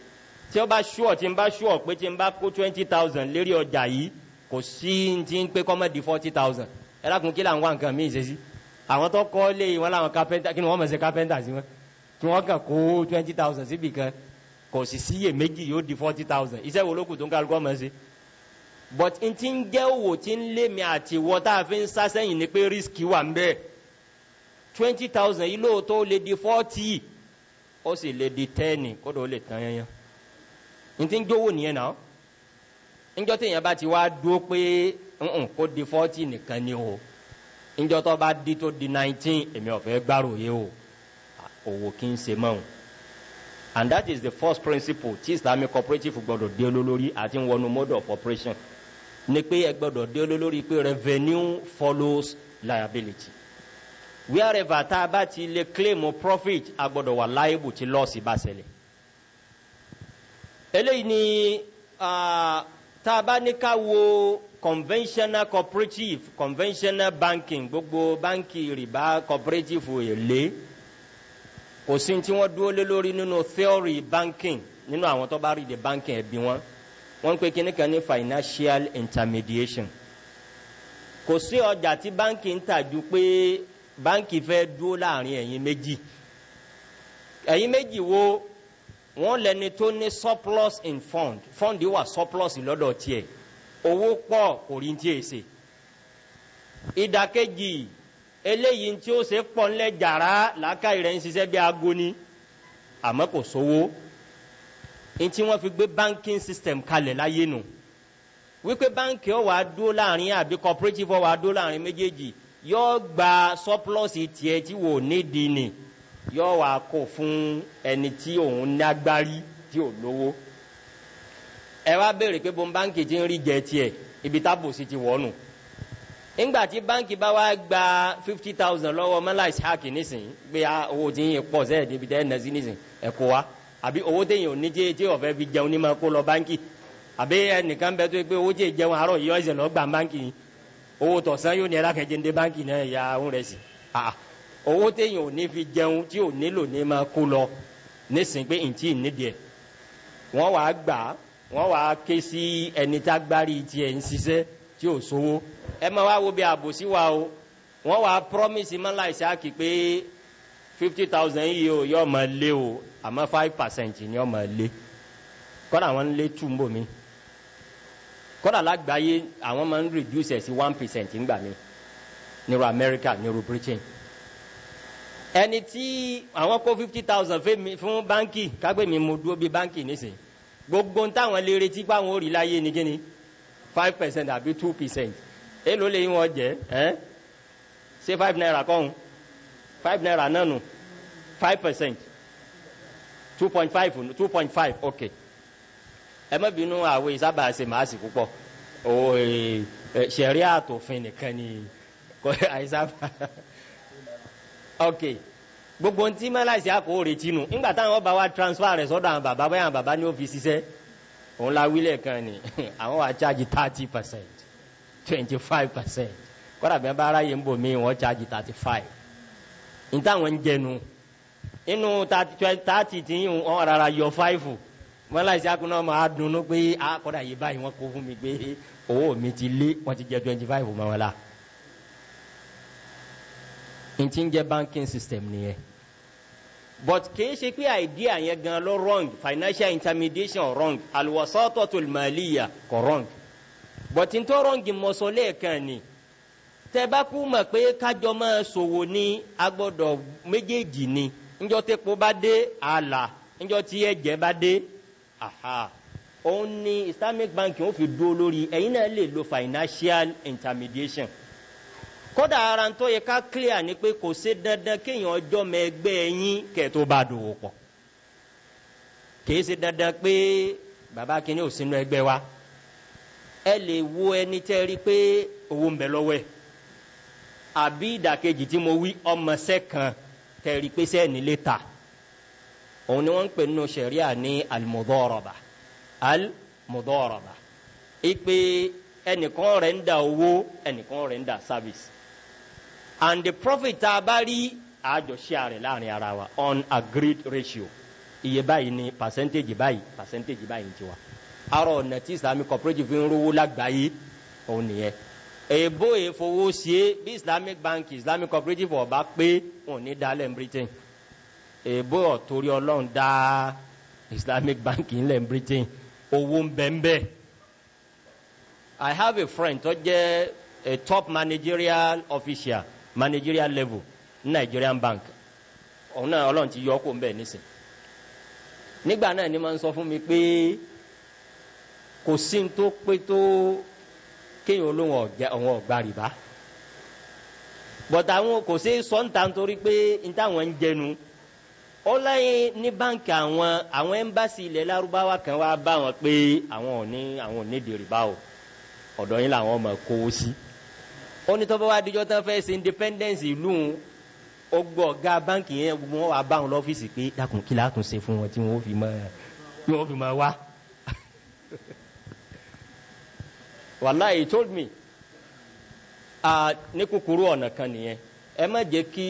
tí ó bá ṣúọ̀ tí ń bá ṣúọ̀ pé tí ń bá kó twenty thousand lérí ọjà yìí kò sí ti ń pé kọ́mọ̀ di forty thousand ẹ lákun kí làwọn wá nǹkan míì ṣe sí àwọn tó kọ́ lé wọn làwọn kápẹ́ntà kí ni wọ́n mọ̀ ṣe kápẹ́ntà sí wọn kí wọ́n kàn kó twenty thousand síbì kan kò sì síyè forty thousand iṣẹ́ wo lókùn tó ń kálukọ́ mọ̀ ṣe but n ti ń jẹ́ òwò tí ń lé mi àtiwọ́ tá a fi ń sá sẹ́yìn ni pé risk wà ń bẹ́ẹ̀ twenty thousand yìí lóòótọ́ ó lè di forty ó sì lè di ten kódà ó lè tán yẹn n ti ń gbówó nìyẹn náà njọ́ téèyàn bá ti wá dúró pé nǹkan kó di forty nìkan ni o njọ́ tó bá di tó di nineteen èmi ọ̀fẹ́ gbàrò yé o owó kí n ṣe mọ́ o and that is the first principle tí islamic cooperative gbọdọ̀ dé olólórí àti wọnú mode of operation ni pé ẹ gbọdọ̀ dé olólórí pé revenue follows liability wíárẹ̀fà tá a bá ti lè claim profit agbọ́dọ̀ wà láìbù tí lọ́ọ̀sì bá ṣẹlẹ̀ eléyìí ni tá bá ní ká wo conventional cooperative conventional banking gbogbo báńkì riba cooperative èlé kò sí tí wọ́n dúró lé lórí nínú theory banking nínú àwọn tó bá rí de banking ẹ̀bí wọn wọ́n ń pè ní financial intermediation kò sí ọjà tí báńkì ń tà ju pé báńkì fẹ́ dúró láàrin ẹ̀yin méjì ẹ̀yin méjì wo wọ́n lẹni tó ní surplus in fund fund wà surplus lọ́dọ̀ tiẹ̀ owó pọ̀ kò rí ti èsè ìdàkejì eléyìí tí ó ṣe pọ̀ ńlẹ̀ jàrá làákàyè rẹ̀ ń ṣiṣẹ́ bí aago ni àmọ́ kò sówó ntí wọ́n fi gbé banking system kalẹ̀ láyé nu wípé báńkì ọ̀ wá dúró láàrin àbí cooperative ọ̀ wá dúró láàrin méjèèjì yóò gba sọ́pọ́lọ́sì tiẹ̀ tí wò nídìí ni yóò wá kó fún ẹni tí òun nágbárí tí ò lówó ẹ wá béèrè pé bon báńkì ti ń rí jẹ tiẹ̀ ibi tábò sì ti wọnù nígbà tí báńkì bá wá gba fifty thousand lọ́wọ́ mọ́lá ìsáàkì nísìnyí pé owó tí ń pọ̀ sẹ́yìn débi tẹ́ ẹ̀ nà sí nísìnyí ẹ̀ kó wa àbí owó téèyàn ní tí tí ọ̀fẹ́ fi jẹun ní ma kó lọ báńkì àbí ẹnìkan bẹ tó pé owó tí ì jẹun àárọ̀ yìí ọ̀sẹ̀ lọ́ọ́ gbà báńkì yìí owó tọ̀sán yóò ní alákẹ́jẹ ń dé báńkì náà ya ohun rẹ̀ sí ah owó téèyàn ò ní fi jẹun tí ò nílò ní máa kó lọ nísìnyí pé ntí nídìí ẹ̀ wọ́n wàá gbà wọ́n wàá ké sí ẹni tá gbárí tiẹ̀ ń ṣiṣẹ́ tí ò sówó ẹ máa wá wo bí àbòsí wa o wọ́n wàá promise mọ́lá ìsáàkì pé fifty thousand yìí o yọ ọmọ lé o àmọ́ five percent ni ọmọ lé kọ́nà àwọn ń lé tù ń kọ́dà lágbàáyé àwọn máa ń reduce ẹ̀ sí one percent ńgbà mi Neuro America nírú Britain ẹni tí àwọn kó fifty thousand fún báńkì kágbé mi mo dúró bí báńkì nísìn gbogbo ń táwọn lè retí pé àwọn ò rí láyé ni kíni five percent àbí two percent èló lè wọ́n jẹ́ ẹ́ ṣé five naira kọ́hún five naira náà five percent two point five two point five okay ẹ má bínú àwọn ìsábà ṣe màá sì púpọ̀ òwò ṣẹ̀rí àtòfin nìkan ni kò àìsábà ok gbogbo ntí mẹ́láìsì àkó retí nu ńgbà táwọn bá wa transfer rẹ̀ sọ́dọ̀ àwọn bàbá báyà bàbá ní ó fi ṣiṣẹ́ òun la wílẹ̀ kan ni àwọn wa charge thirty percent twenty five percent kọ́dà bí wọ́n bá aráyé ń bò mí wọ́n charge thirty five ní táwọn ń jẹnu inú thirty tí wọ́n rárá yọ five mọ́lá ìṣáàkú náà máa dunnú pé àkọ́dà ah, yìí báyìí wọ́n kó fún mi pé owó mi ti lé wọ́n ti jẹ́ twenty five mọ́ wọn la. n ti ń banking system nìyẹn but kìí ṣe pé idea yẹn gan ló wrong financial intermediation wrong alwasọ́tọ̀ tó màlíya kò wrong but n tó wrong mọ̀sọ́ lẹ́ẹ̀kan ni tẹ́bákú mọ̀ pé kájọ máa ṣòwò ní agbọ́dọ̀ méjèèjì ni njọ́ tẹ́po bá dé àlà njọ́ tí ẹ̀jẹ̀ bá dé aha òun ni islamic banking ó fi dúró lórí ẹ̀yin náà lè lo financial intermediation kódà ara tó yẹ ká clear ni pé kò sí dandan kéèyàn ọjọ́ mọ ẹgbẹ́ ẹ̀yin kẹ̀ tó bá dòwò pọ̀ kìí ṣe dandan pé bàbá kìíní ò sínú ẹgbẹ́ wa ẹ lè wo ẹni tẹ́ rí pé owó ń bẹ lọ́wọ́ ẹ̀ àbí ìdàkejì tí mo wí ọmọ sẹ́kàn tẹ́ rí pé sẹ́ẹ̀ nílé ta òun ni wọ́n ń pè nínú sẹ̀ríà ní alimudọ́rọ̀bà alimudọ́rọ̀bà ipe ẹnìkan rẹ̀ ń da owó ẹnìkan rẹ̀ ń da service and the profit tá a bá rí àjọṣe rẹ̀ láàrin ara wa on agreed ratio iye báyìí ni percentage báyìí percentage báyìí ń tiwa arọ ọ̀nà tí islamic cooperative ń rówó lágbàáyé òun nìyẹn èèbó èèfowó sí bí islamic bank islamic cooperative ọba pé òun ní dalẹ̀ britain èbó ọ̀torí ọlọ́run dá islamic bank ilẹ̀ britain owó ń bẹ ń bẹ i have a friend tó jẹ́ a top managerial official managerial level ní nigerian bank òun náà ọlọ́run ti yọ ọ́ kó ń bẹ̀ nísìn nígbà náà ni máa sọ fún mi pé kò sí ní tó pé tó kéèyàn olóhùn ọ̀hún ọ̀gbà rìbá bọ̀dà àwọn kò sí sọ́ńtà nítorí pé ní ń jẹnu ọláyé ní báńkì àwọn àwọn ẹ́mbáàsì ilẹ̀ lárúbáwá kan wá bá wọn pé àwọn ò ní àwọn ò ní dèrè báwò ọ̀dọ̀ yín làwọn ọmọ kó o sí. ó ní tọ́pẹ́ wá díjọ́ tán fẹ́ẹ́ ṣe independence ìlú ó gbọ́ ọ̀gá báńkì yẹn gbogbo wọn wá bá wọn lọ́fíìsì pé dákun kí látún ṣe fún wọn tí wọn fi mọ tí wọn fi mọ wá. wàláyé told me ah, ní kúkúrú ọ̀nà kan nìyẹn ẹ má jẹ́ kí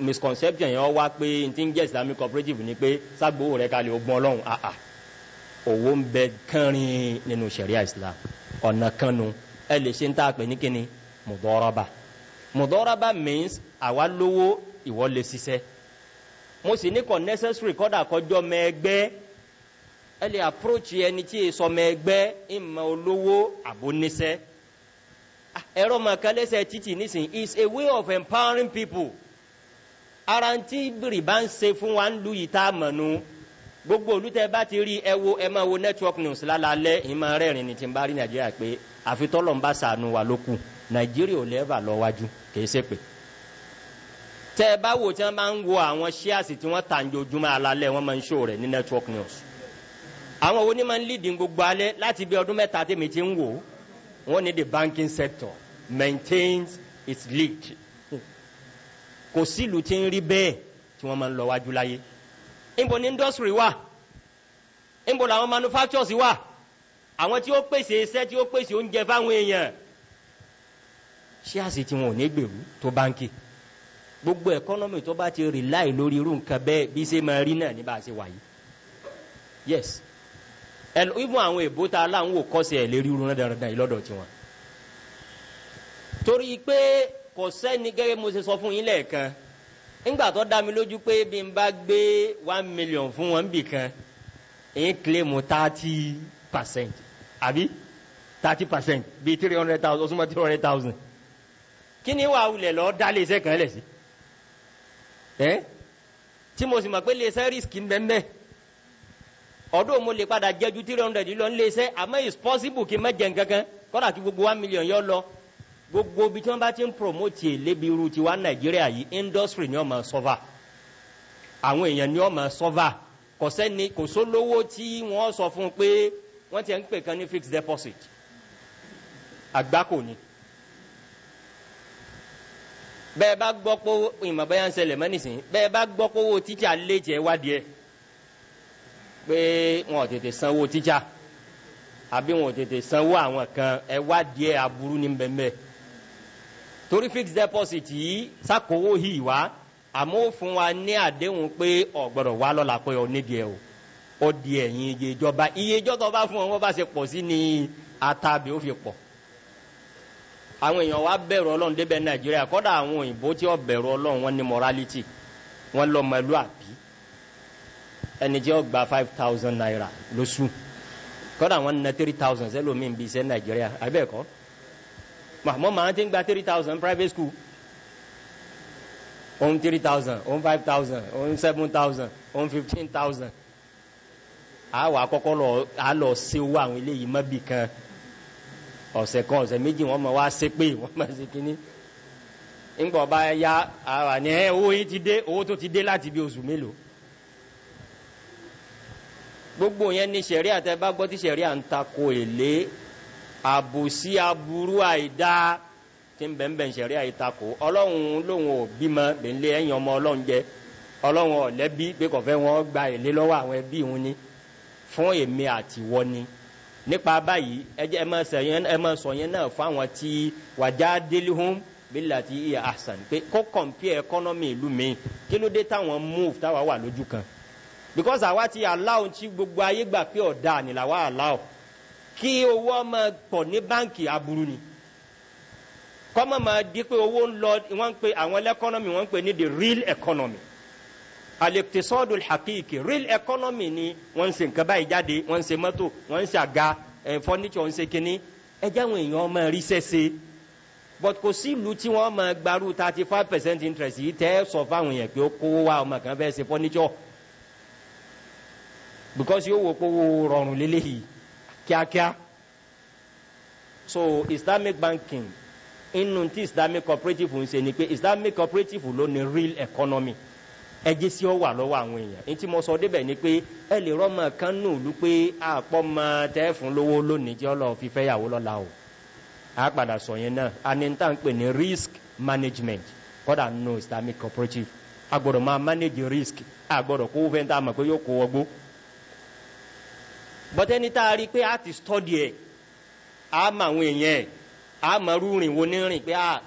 misconception yẹn wá pé n ń jẹ́ islamic cooperative ni pé ságbówó rẹ̀ kalẹ̀ ogun ọlọ́run àà owó ń bẹ kánrin nínú sẹ̀ríà islam ọ̀nà kanu ẹ lè ṣe ń tà pé ní mùdọ́rọ́bà mùdọ́rọ́bà means àwa lówó ìwọ lè ṣiṣẹ́ mo sì ní kọ necessary kọ́dà kọjọ́ mẹ́ẹ̀gbẹ́ ẹ lè approach ẹni tí èso mẹ́ẹ̀gbẹ́ ìmọ̀ olówó àbóníṣẹ́ ẹ̀rọ màkálẹ́sẹ̀ títì nísìn is a way of empowering people ara ń tí bìrì bá ń se fún wa ń lu yìí tá a mọ̀ nù gbogbo olùtẹ̀ bá ti rí ẹ wo ẹ máa wo network news lálálẹ́ ìmọ̀ rẹ́rìn ni ti bá rí nàìjíríà pé àfitọ́lọ̀ ń bá sànù wa ló nàìjíríà ò lẹ́ẹ̀bà lọ wájú kìí ṣe pé tẹ́ ẹ bá wo tí wọ́n bá ń wo àwọn ṣíàsì tí wọ́n tàn jojúmọ́ alálẹ́ wọ́n máa ń ṣó rẹ̀ ní network news àwọn onímọ̀ ń lead gbogbo alẹ́ láti bí ọdún mẹ́ta tèmi ti ń wò ó wọ́n ní the banking sector maintains its lead kò sílù tí ń rí bẹ́ẹ̀ tí wọ́n máa ń lọ wájú láyé níbo ni industry wà níbo làwọn manufacturers wà àwọn tí ó pèsè iṣẹ́ tí ó pèsè oúnjẹ fáwọn èèyàn ṣé àṣì tí wọn ò ní gbèrú tó báńkì gbogbo ẹkọ́nọ́mì tó bá ti rely lórí irú nǹkan bẹ́ẹ̀ bí ṣe máa rí náà ní bá a ṣe wà yìí yes. ẹnu ibùn àwọn èbó tá a láwọn wò kọ́sẹ̀ ẹ̀ lérí irun dandan yìí tiwọn. torí pé kò sẹ́ni gẹ́gẹ́ mo ṣe sọ fún yín lẹ́ẹ̀kan one million fún wọn bì kan ń kílèmù thirty percent àbí thirty percent bíi three hundred thousand ọsùnmọ́ three hundred thousand kí ni wàá wulẹ̀ lọ́ọ́ dá léṣẹ́ kan lẹ̀ sí tí mo sì mọ̀ pé risk ń bẹ́ẹ̀ ọdún mo lè padà jẹ́jú three hundred lọ ń lé iṣẹ́ àmọ́ it's possible kí n má jẹ nkankan kọ́dà kí gbogbo one million yọ lọ gbogbo bí tí wọ́n bá ti ń promote èlébi e irú tiwa nàìjíríà yìí industry ni wọ́n máa sọ́fà àwọn èèyàn ni wọ́n máa sọ́fà kò sẹ́ni kò sólówó tí wọ́n sọ fún un pé wọ́n ti ń pè kan ní fixed deposit àgbákò ni bẹ́ẹ̀ bá gbọ́ pé ìmọ̀ bẹ́ẹ̀ ń ṣẹlẹ̀ mọ́ nísìnyí bẹ́ẹ̀ bá gbọ́ pé owó títí àlejò wá díẹ̀ pé wọn ò tètè sanwó tíjà àbí wọn ò tètè sanwó àwọn kan ẹ wá díẹ̀ aburú ní bẹ́ẹ̀ torí fixed deposit yìí sákòwò yìí wá àmọ́ ó fún wa ní àdéhùn pé ọ̀gbọ́dọ̀ wá lọ́la pé ọ nídìí ẹ̀ o ó di ẹ̀yìn iye ìjọba iye ìjọba bá fún ọ wọ́n bá ṣe pọ̀ sí ni atabi ó fi pọ̀ àwọn èèyàn wa bẹ̀rù ọlọ́run débẹ̀ nàìjíríà kọ́dà àwọn òyìnbó tí ó bẹ̀rù ọlọ́run wọn ní morality wọn lọ́mọlúàbí ẹni tí five thousand naira lóṣù kọ́dà wọn na three thousand sẹ́lómi ń bi iṣẹ́ nàìjíríà àbẹ́ẹ̀kọ́ mọ̀ máa ti ń gba three thousand private school òun three thousand òun five thousand òun seven thousand òun fifteen thousand àwọn akọ́kọ́ lọ alọ sí owó àwọn eléyìí mọ́bì kan ọ̀sẹ̀ kan ọ̀sẹ̀ méjì wọ́n mọ̀ wá sí pé wọ́n mọ̀ sí kínní ńgbọ̀ bá yá àwọn ẹ̀ owó yìí ti dé owó tó ti dé láti bí oṣù mélòó gbogbo yẹn ni sẹ̀rí àtẹ̀bá gbọ́ tí sẹ̀rí à ń takò èlé àbòsí aburú àìdá tí ń bẹ̀ǹbẹ̀ sẹ̀rí àìtakò ọlọ́run lòun ò bímọ bẹ̀ńlé ẹ̀yìn ọmọ ọlọ́run jẹ ọlọ́run ọ̀lẹ́bí pé kọ̀fẹ́ wọn gba èlé lọ́wọ́ àwọn ẹbí wọn ni fún èmi àtiwọ́ ni nípa báyìí ẹjẹ ẹ máa sẹyìn ẹ máa sọ yẹn náà fún àwọn tí wàjá délihùn bílà tí ìyá àṣà pé kó kọ̀ǹpì ẹkọ́nọ́mì ìlú mi kí ló dé táwọn move táwa wà lójú kan because àwa ti aláwọ̀ tí gbogbo ayé gbà pé ọ̀dà ni làwa aláwọ̀ kí owó ọmọ pọ̀ ní báǹkì aburú ni kọ́mọ̀ máa di pé owó ń lọ wọ́n ń pe àwọn lẹ́kọ́nọ́mì wọ́n ń pe ní the real economy alèptisọ́dù hakiki real economy ni wọ́n ń se nǹkan báyìí jáde wọ́n ń se mọ́tò wọ́n ń se àga ẹ̀ eh, fọ́nìṣọ̀ ń se kínní ẹ jẹ́ àwọn èèyàn ọmọ rí sẹ́sẹ́ but kò sí ìlú tí wọ́n máa gbarú thirty five percent interest yìí tẹ́ sọ fáwọn èèyàn pé ó kówó wa ọmọ kan fẹ́ se fọ́nìṣọ̀ because yóò wò pé owó rọrùn lélẹ́yìí kíákíá so islamic banking inú tí islamic cooperative ń ṣe ni pé islamic cooperative ló ní real economy ẹjẹ sí ọ wà lọ́wọ́ àwọn èèyàn nti mo sọ débẹ̀ ni pé ẹ lè rọ́mọ kan nù lú pé àpọ̀ mọ tẹ́ fún lówó lónìí tí lọ́la o a padà sọ yẹn náà a ní tá à risk management kọ́dà nù islamic cooperative risk bọ́tẹ́ni tá a rí pé a ti stọ́dì ẹ̀ a mọ àwọn èèyàn ẹ̀ a mọ rúrin wo ní rìn pé ah,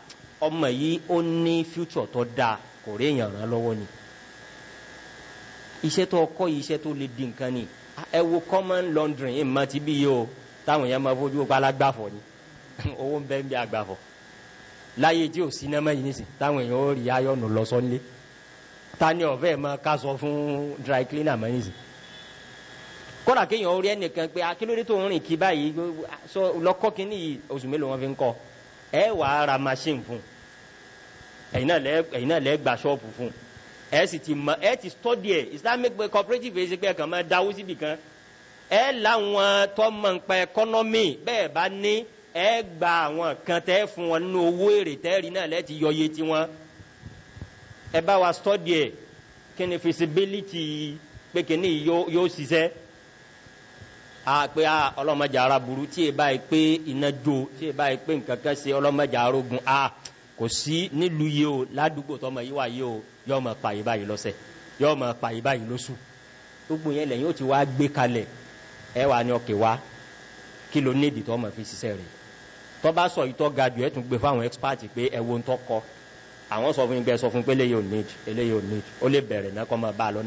ọmọ yìí ó ní future tó da kò rí èèyàn ràn lọ́wọ́ ni iṣẹ́ tó kọ́ yìí iṣẹ́ tó le di nǹkan ni ẹ wo common laundry ẹ̀ mọ́ ti bí yìí o táwọn èèyàn máa fojú pa alágbàfọ̀ ni owó ń bẹ́ ń bí agbàfọ̀ láyé tí ò sí yìí nísìn táwọn èèyàn ó rí ayọ́nù lọ sọ́nlé ta ni ọ̀fẹ́ máa ká fún dry cleaner mọ́ nísìn kọ́dà kéèyàn ó rí ẹnìkan pé akílódé ah, tó ń rìn kí báyìí sọ lọ́kọ́ kínní yìí oṣù mélòó wọn fi ń kọ́ ẹ wà á ra machine fún ẹ̀yin náà lẹ́ gba ṣọ́ọ̀bù fún ẹ sì ti mọ ẹ ti study ẹ islamic cooperative ẹ ṣe pé ẹ kàn máa dáwó síbì kan ẹ láwọn tọmọ nǹkan economy bẹ́ẹ̀ bá ní ẹ gba àwọn kan tẹ́ fún wọn nínú owó èrè tẹ́rì náà lẹ́ ti yọ iye tiwọn ẹ bá wa study ẹ kí ni feasibility pé kí ni yóò ṣiṣẹ́. Yo, yo àpé ọlọ́mọdé ara burú tí ì báyìí pé iná jó tí ì báyìí pé nǹkan kan ṣe ọlọ́mọdé arógun a kò sí nílùú yìí o ládùúgbò tọmọ yìí wà yìí o yọ ọmọ pààyè báyìí lọ́sẹ̀ yọ ọmọ pààyè báyìí lóṣù gbogbo yẹn lẹ́yìn ó ti wá gbé kalẹ̀ ẹ wà ní ọkẹ́ wa kí ló ní ìdí tó ọmọ fi ṣiṣẹ́ rẹ̀ tọ́ bá sọ ìtọ́ ga jù ẹ̀ tún gbé fáwọn expert pé ẹ wo ń tọ́ kọ́ àwọn sọ fún gbẹ sọ fún pé eléyìí ò need eléyìí ò need ó lè bẹ̀rẹ̀ náà kọ́ máa bá a lọ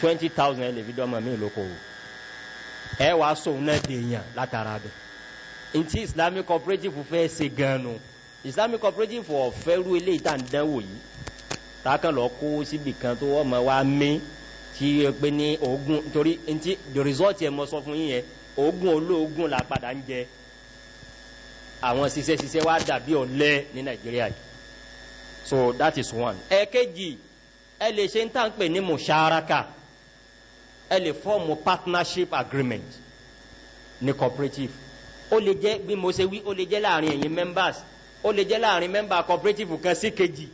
twenty thousand ẹ lè fi dọ́mọ mí lóko ẹ wà sóun náà dèèyàn látara bẹ ntí islamic cooperative fẹ́ ṣe gan nu islamic cooperative ọ̀fẹ́ ru eléyìí tá à ń dánwò yìí tákàn lọ kó síbi kan tó wọ́n mọ wá mí tí ẹ pé ní oògùn torí ntí the result yẹn mo sọ fún yín yẹn oògùn olóògùn la padà ń jẹ àwọn ṣiṣẹ́ṣiṣẹ́ wa dàbí ọ̀lẹ ní nàìjíríà yìí so that is one ẹ̀ẹ́kejì ẹ lè ṣe ń tà ń pè ní musharaka ẹ lè fọ́ọ̀mù partnership agreement ní cooperative ó lè jẹ́ bí mo ṣe wí ó lè jẹ́ láàrin ẹ̀yin members ó lè jẹ́ láàrin member cooperative kan sí kejì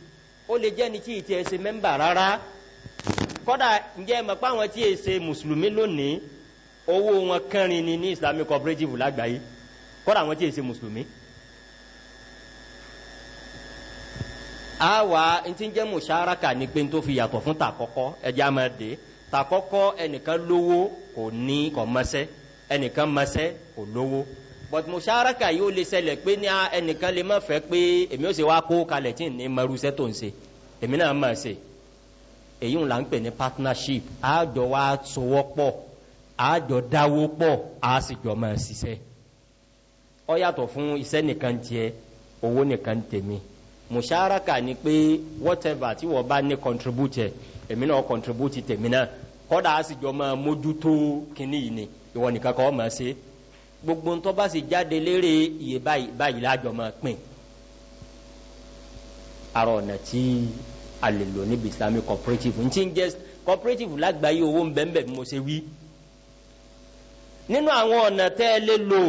ó lè jẹ́ ní tí ì tiẹ̀ ṣe member rárá kọ́dà ǹjẹ́ ẹ mọ̀ pé àwọn tí ì ṣe mùsùlùmí lónìí owó wọn kẹrin ni ní islamic cooperative lágbàáyé kọ́dà àwọn tí ì ṣe mùsùlùmí. àwa ntí ń jẹ́ mùsàràkà ni pé n tó fi yàtọ̀ fún tà kọ́kọ́ ẹ̀jẹ̀ á máa dé tàkọ́kọ́ ẹnìkan lówó kò ní kò mọ́sẹ́ ẹnìkan mọ́sẹ́ kò lówó but musharaka yìí ó lè ṣẹlẹ̀ pé ní ah, ẹnìkan lè má fẹ́ pé èmi ó se. wá kó kalẹ̀ tí ní mọrúṣẹ́ tó ń ṣe èmi náà mọ̀ ṣe èyí ń là ń pè ní partnership àjọ wa sowọ́ pọ̀ àjọ dáwó pọ̀ a sì jọ máa ṣiṣẹ́ ọ yàtọ̀ fún iṣẹ́ nìkan tiẹ̀ owó nìkan tèmi musharaka ni pé whatever tí wọ́n bá ní contribute èmi náà contribute tèmi náà kọ́dà á sì jọ máa mójútó kínní yìí ni ìwọ nìkan kọ́ máa ṣe gbogbo ń tó bá sì jáde lérè iye báyìí lájọ máa pín ara ọ̀nà tí a lè lò níbi islamic cooperative n ti ń jẹ́ cooperative lágbàáyé owó ń bẹ́ẹ̀ bẹ́ẹ̀ bí mo ṣe wí nínú àwọn ọ̀nà tẹ́ ẹ lè lò.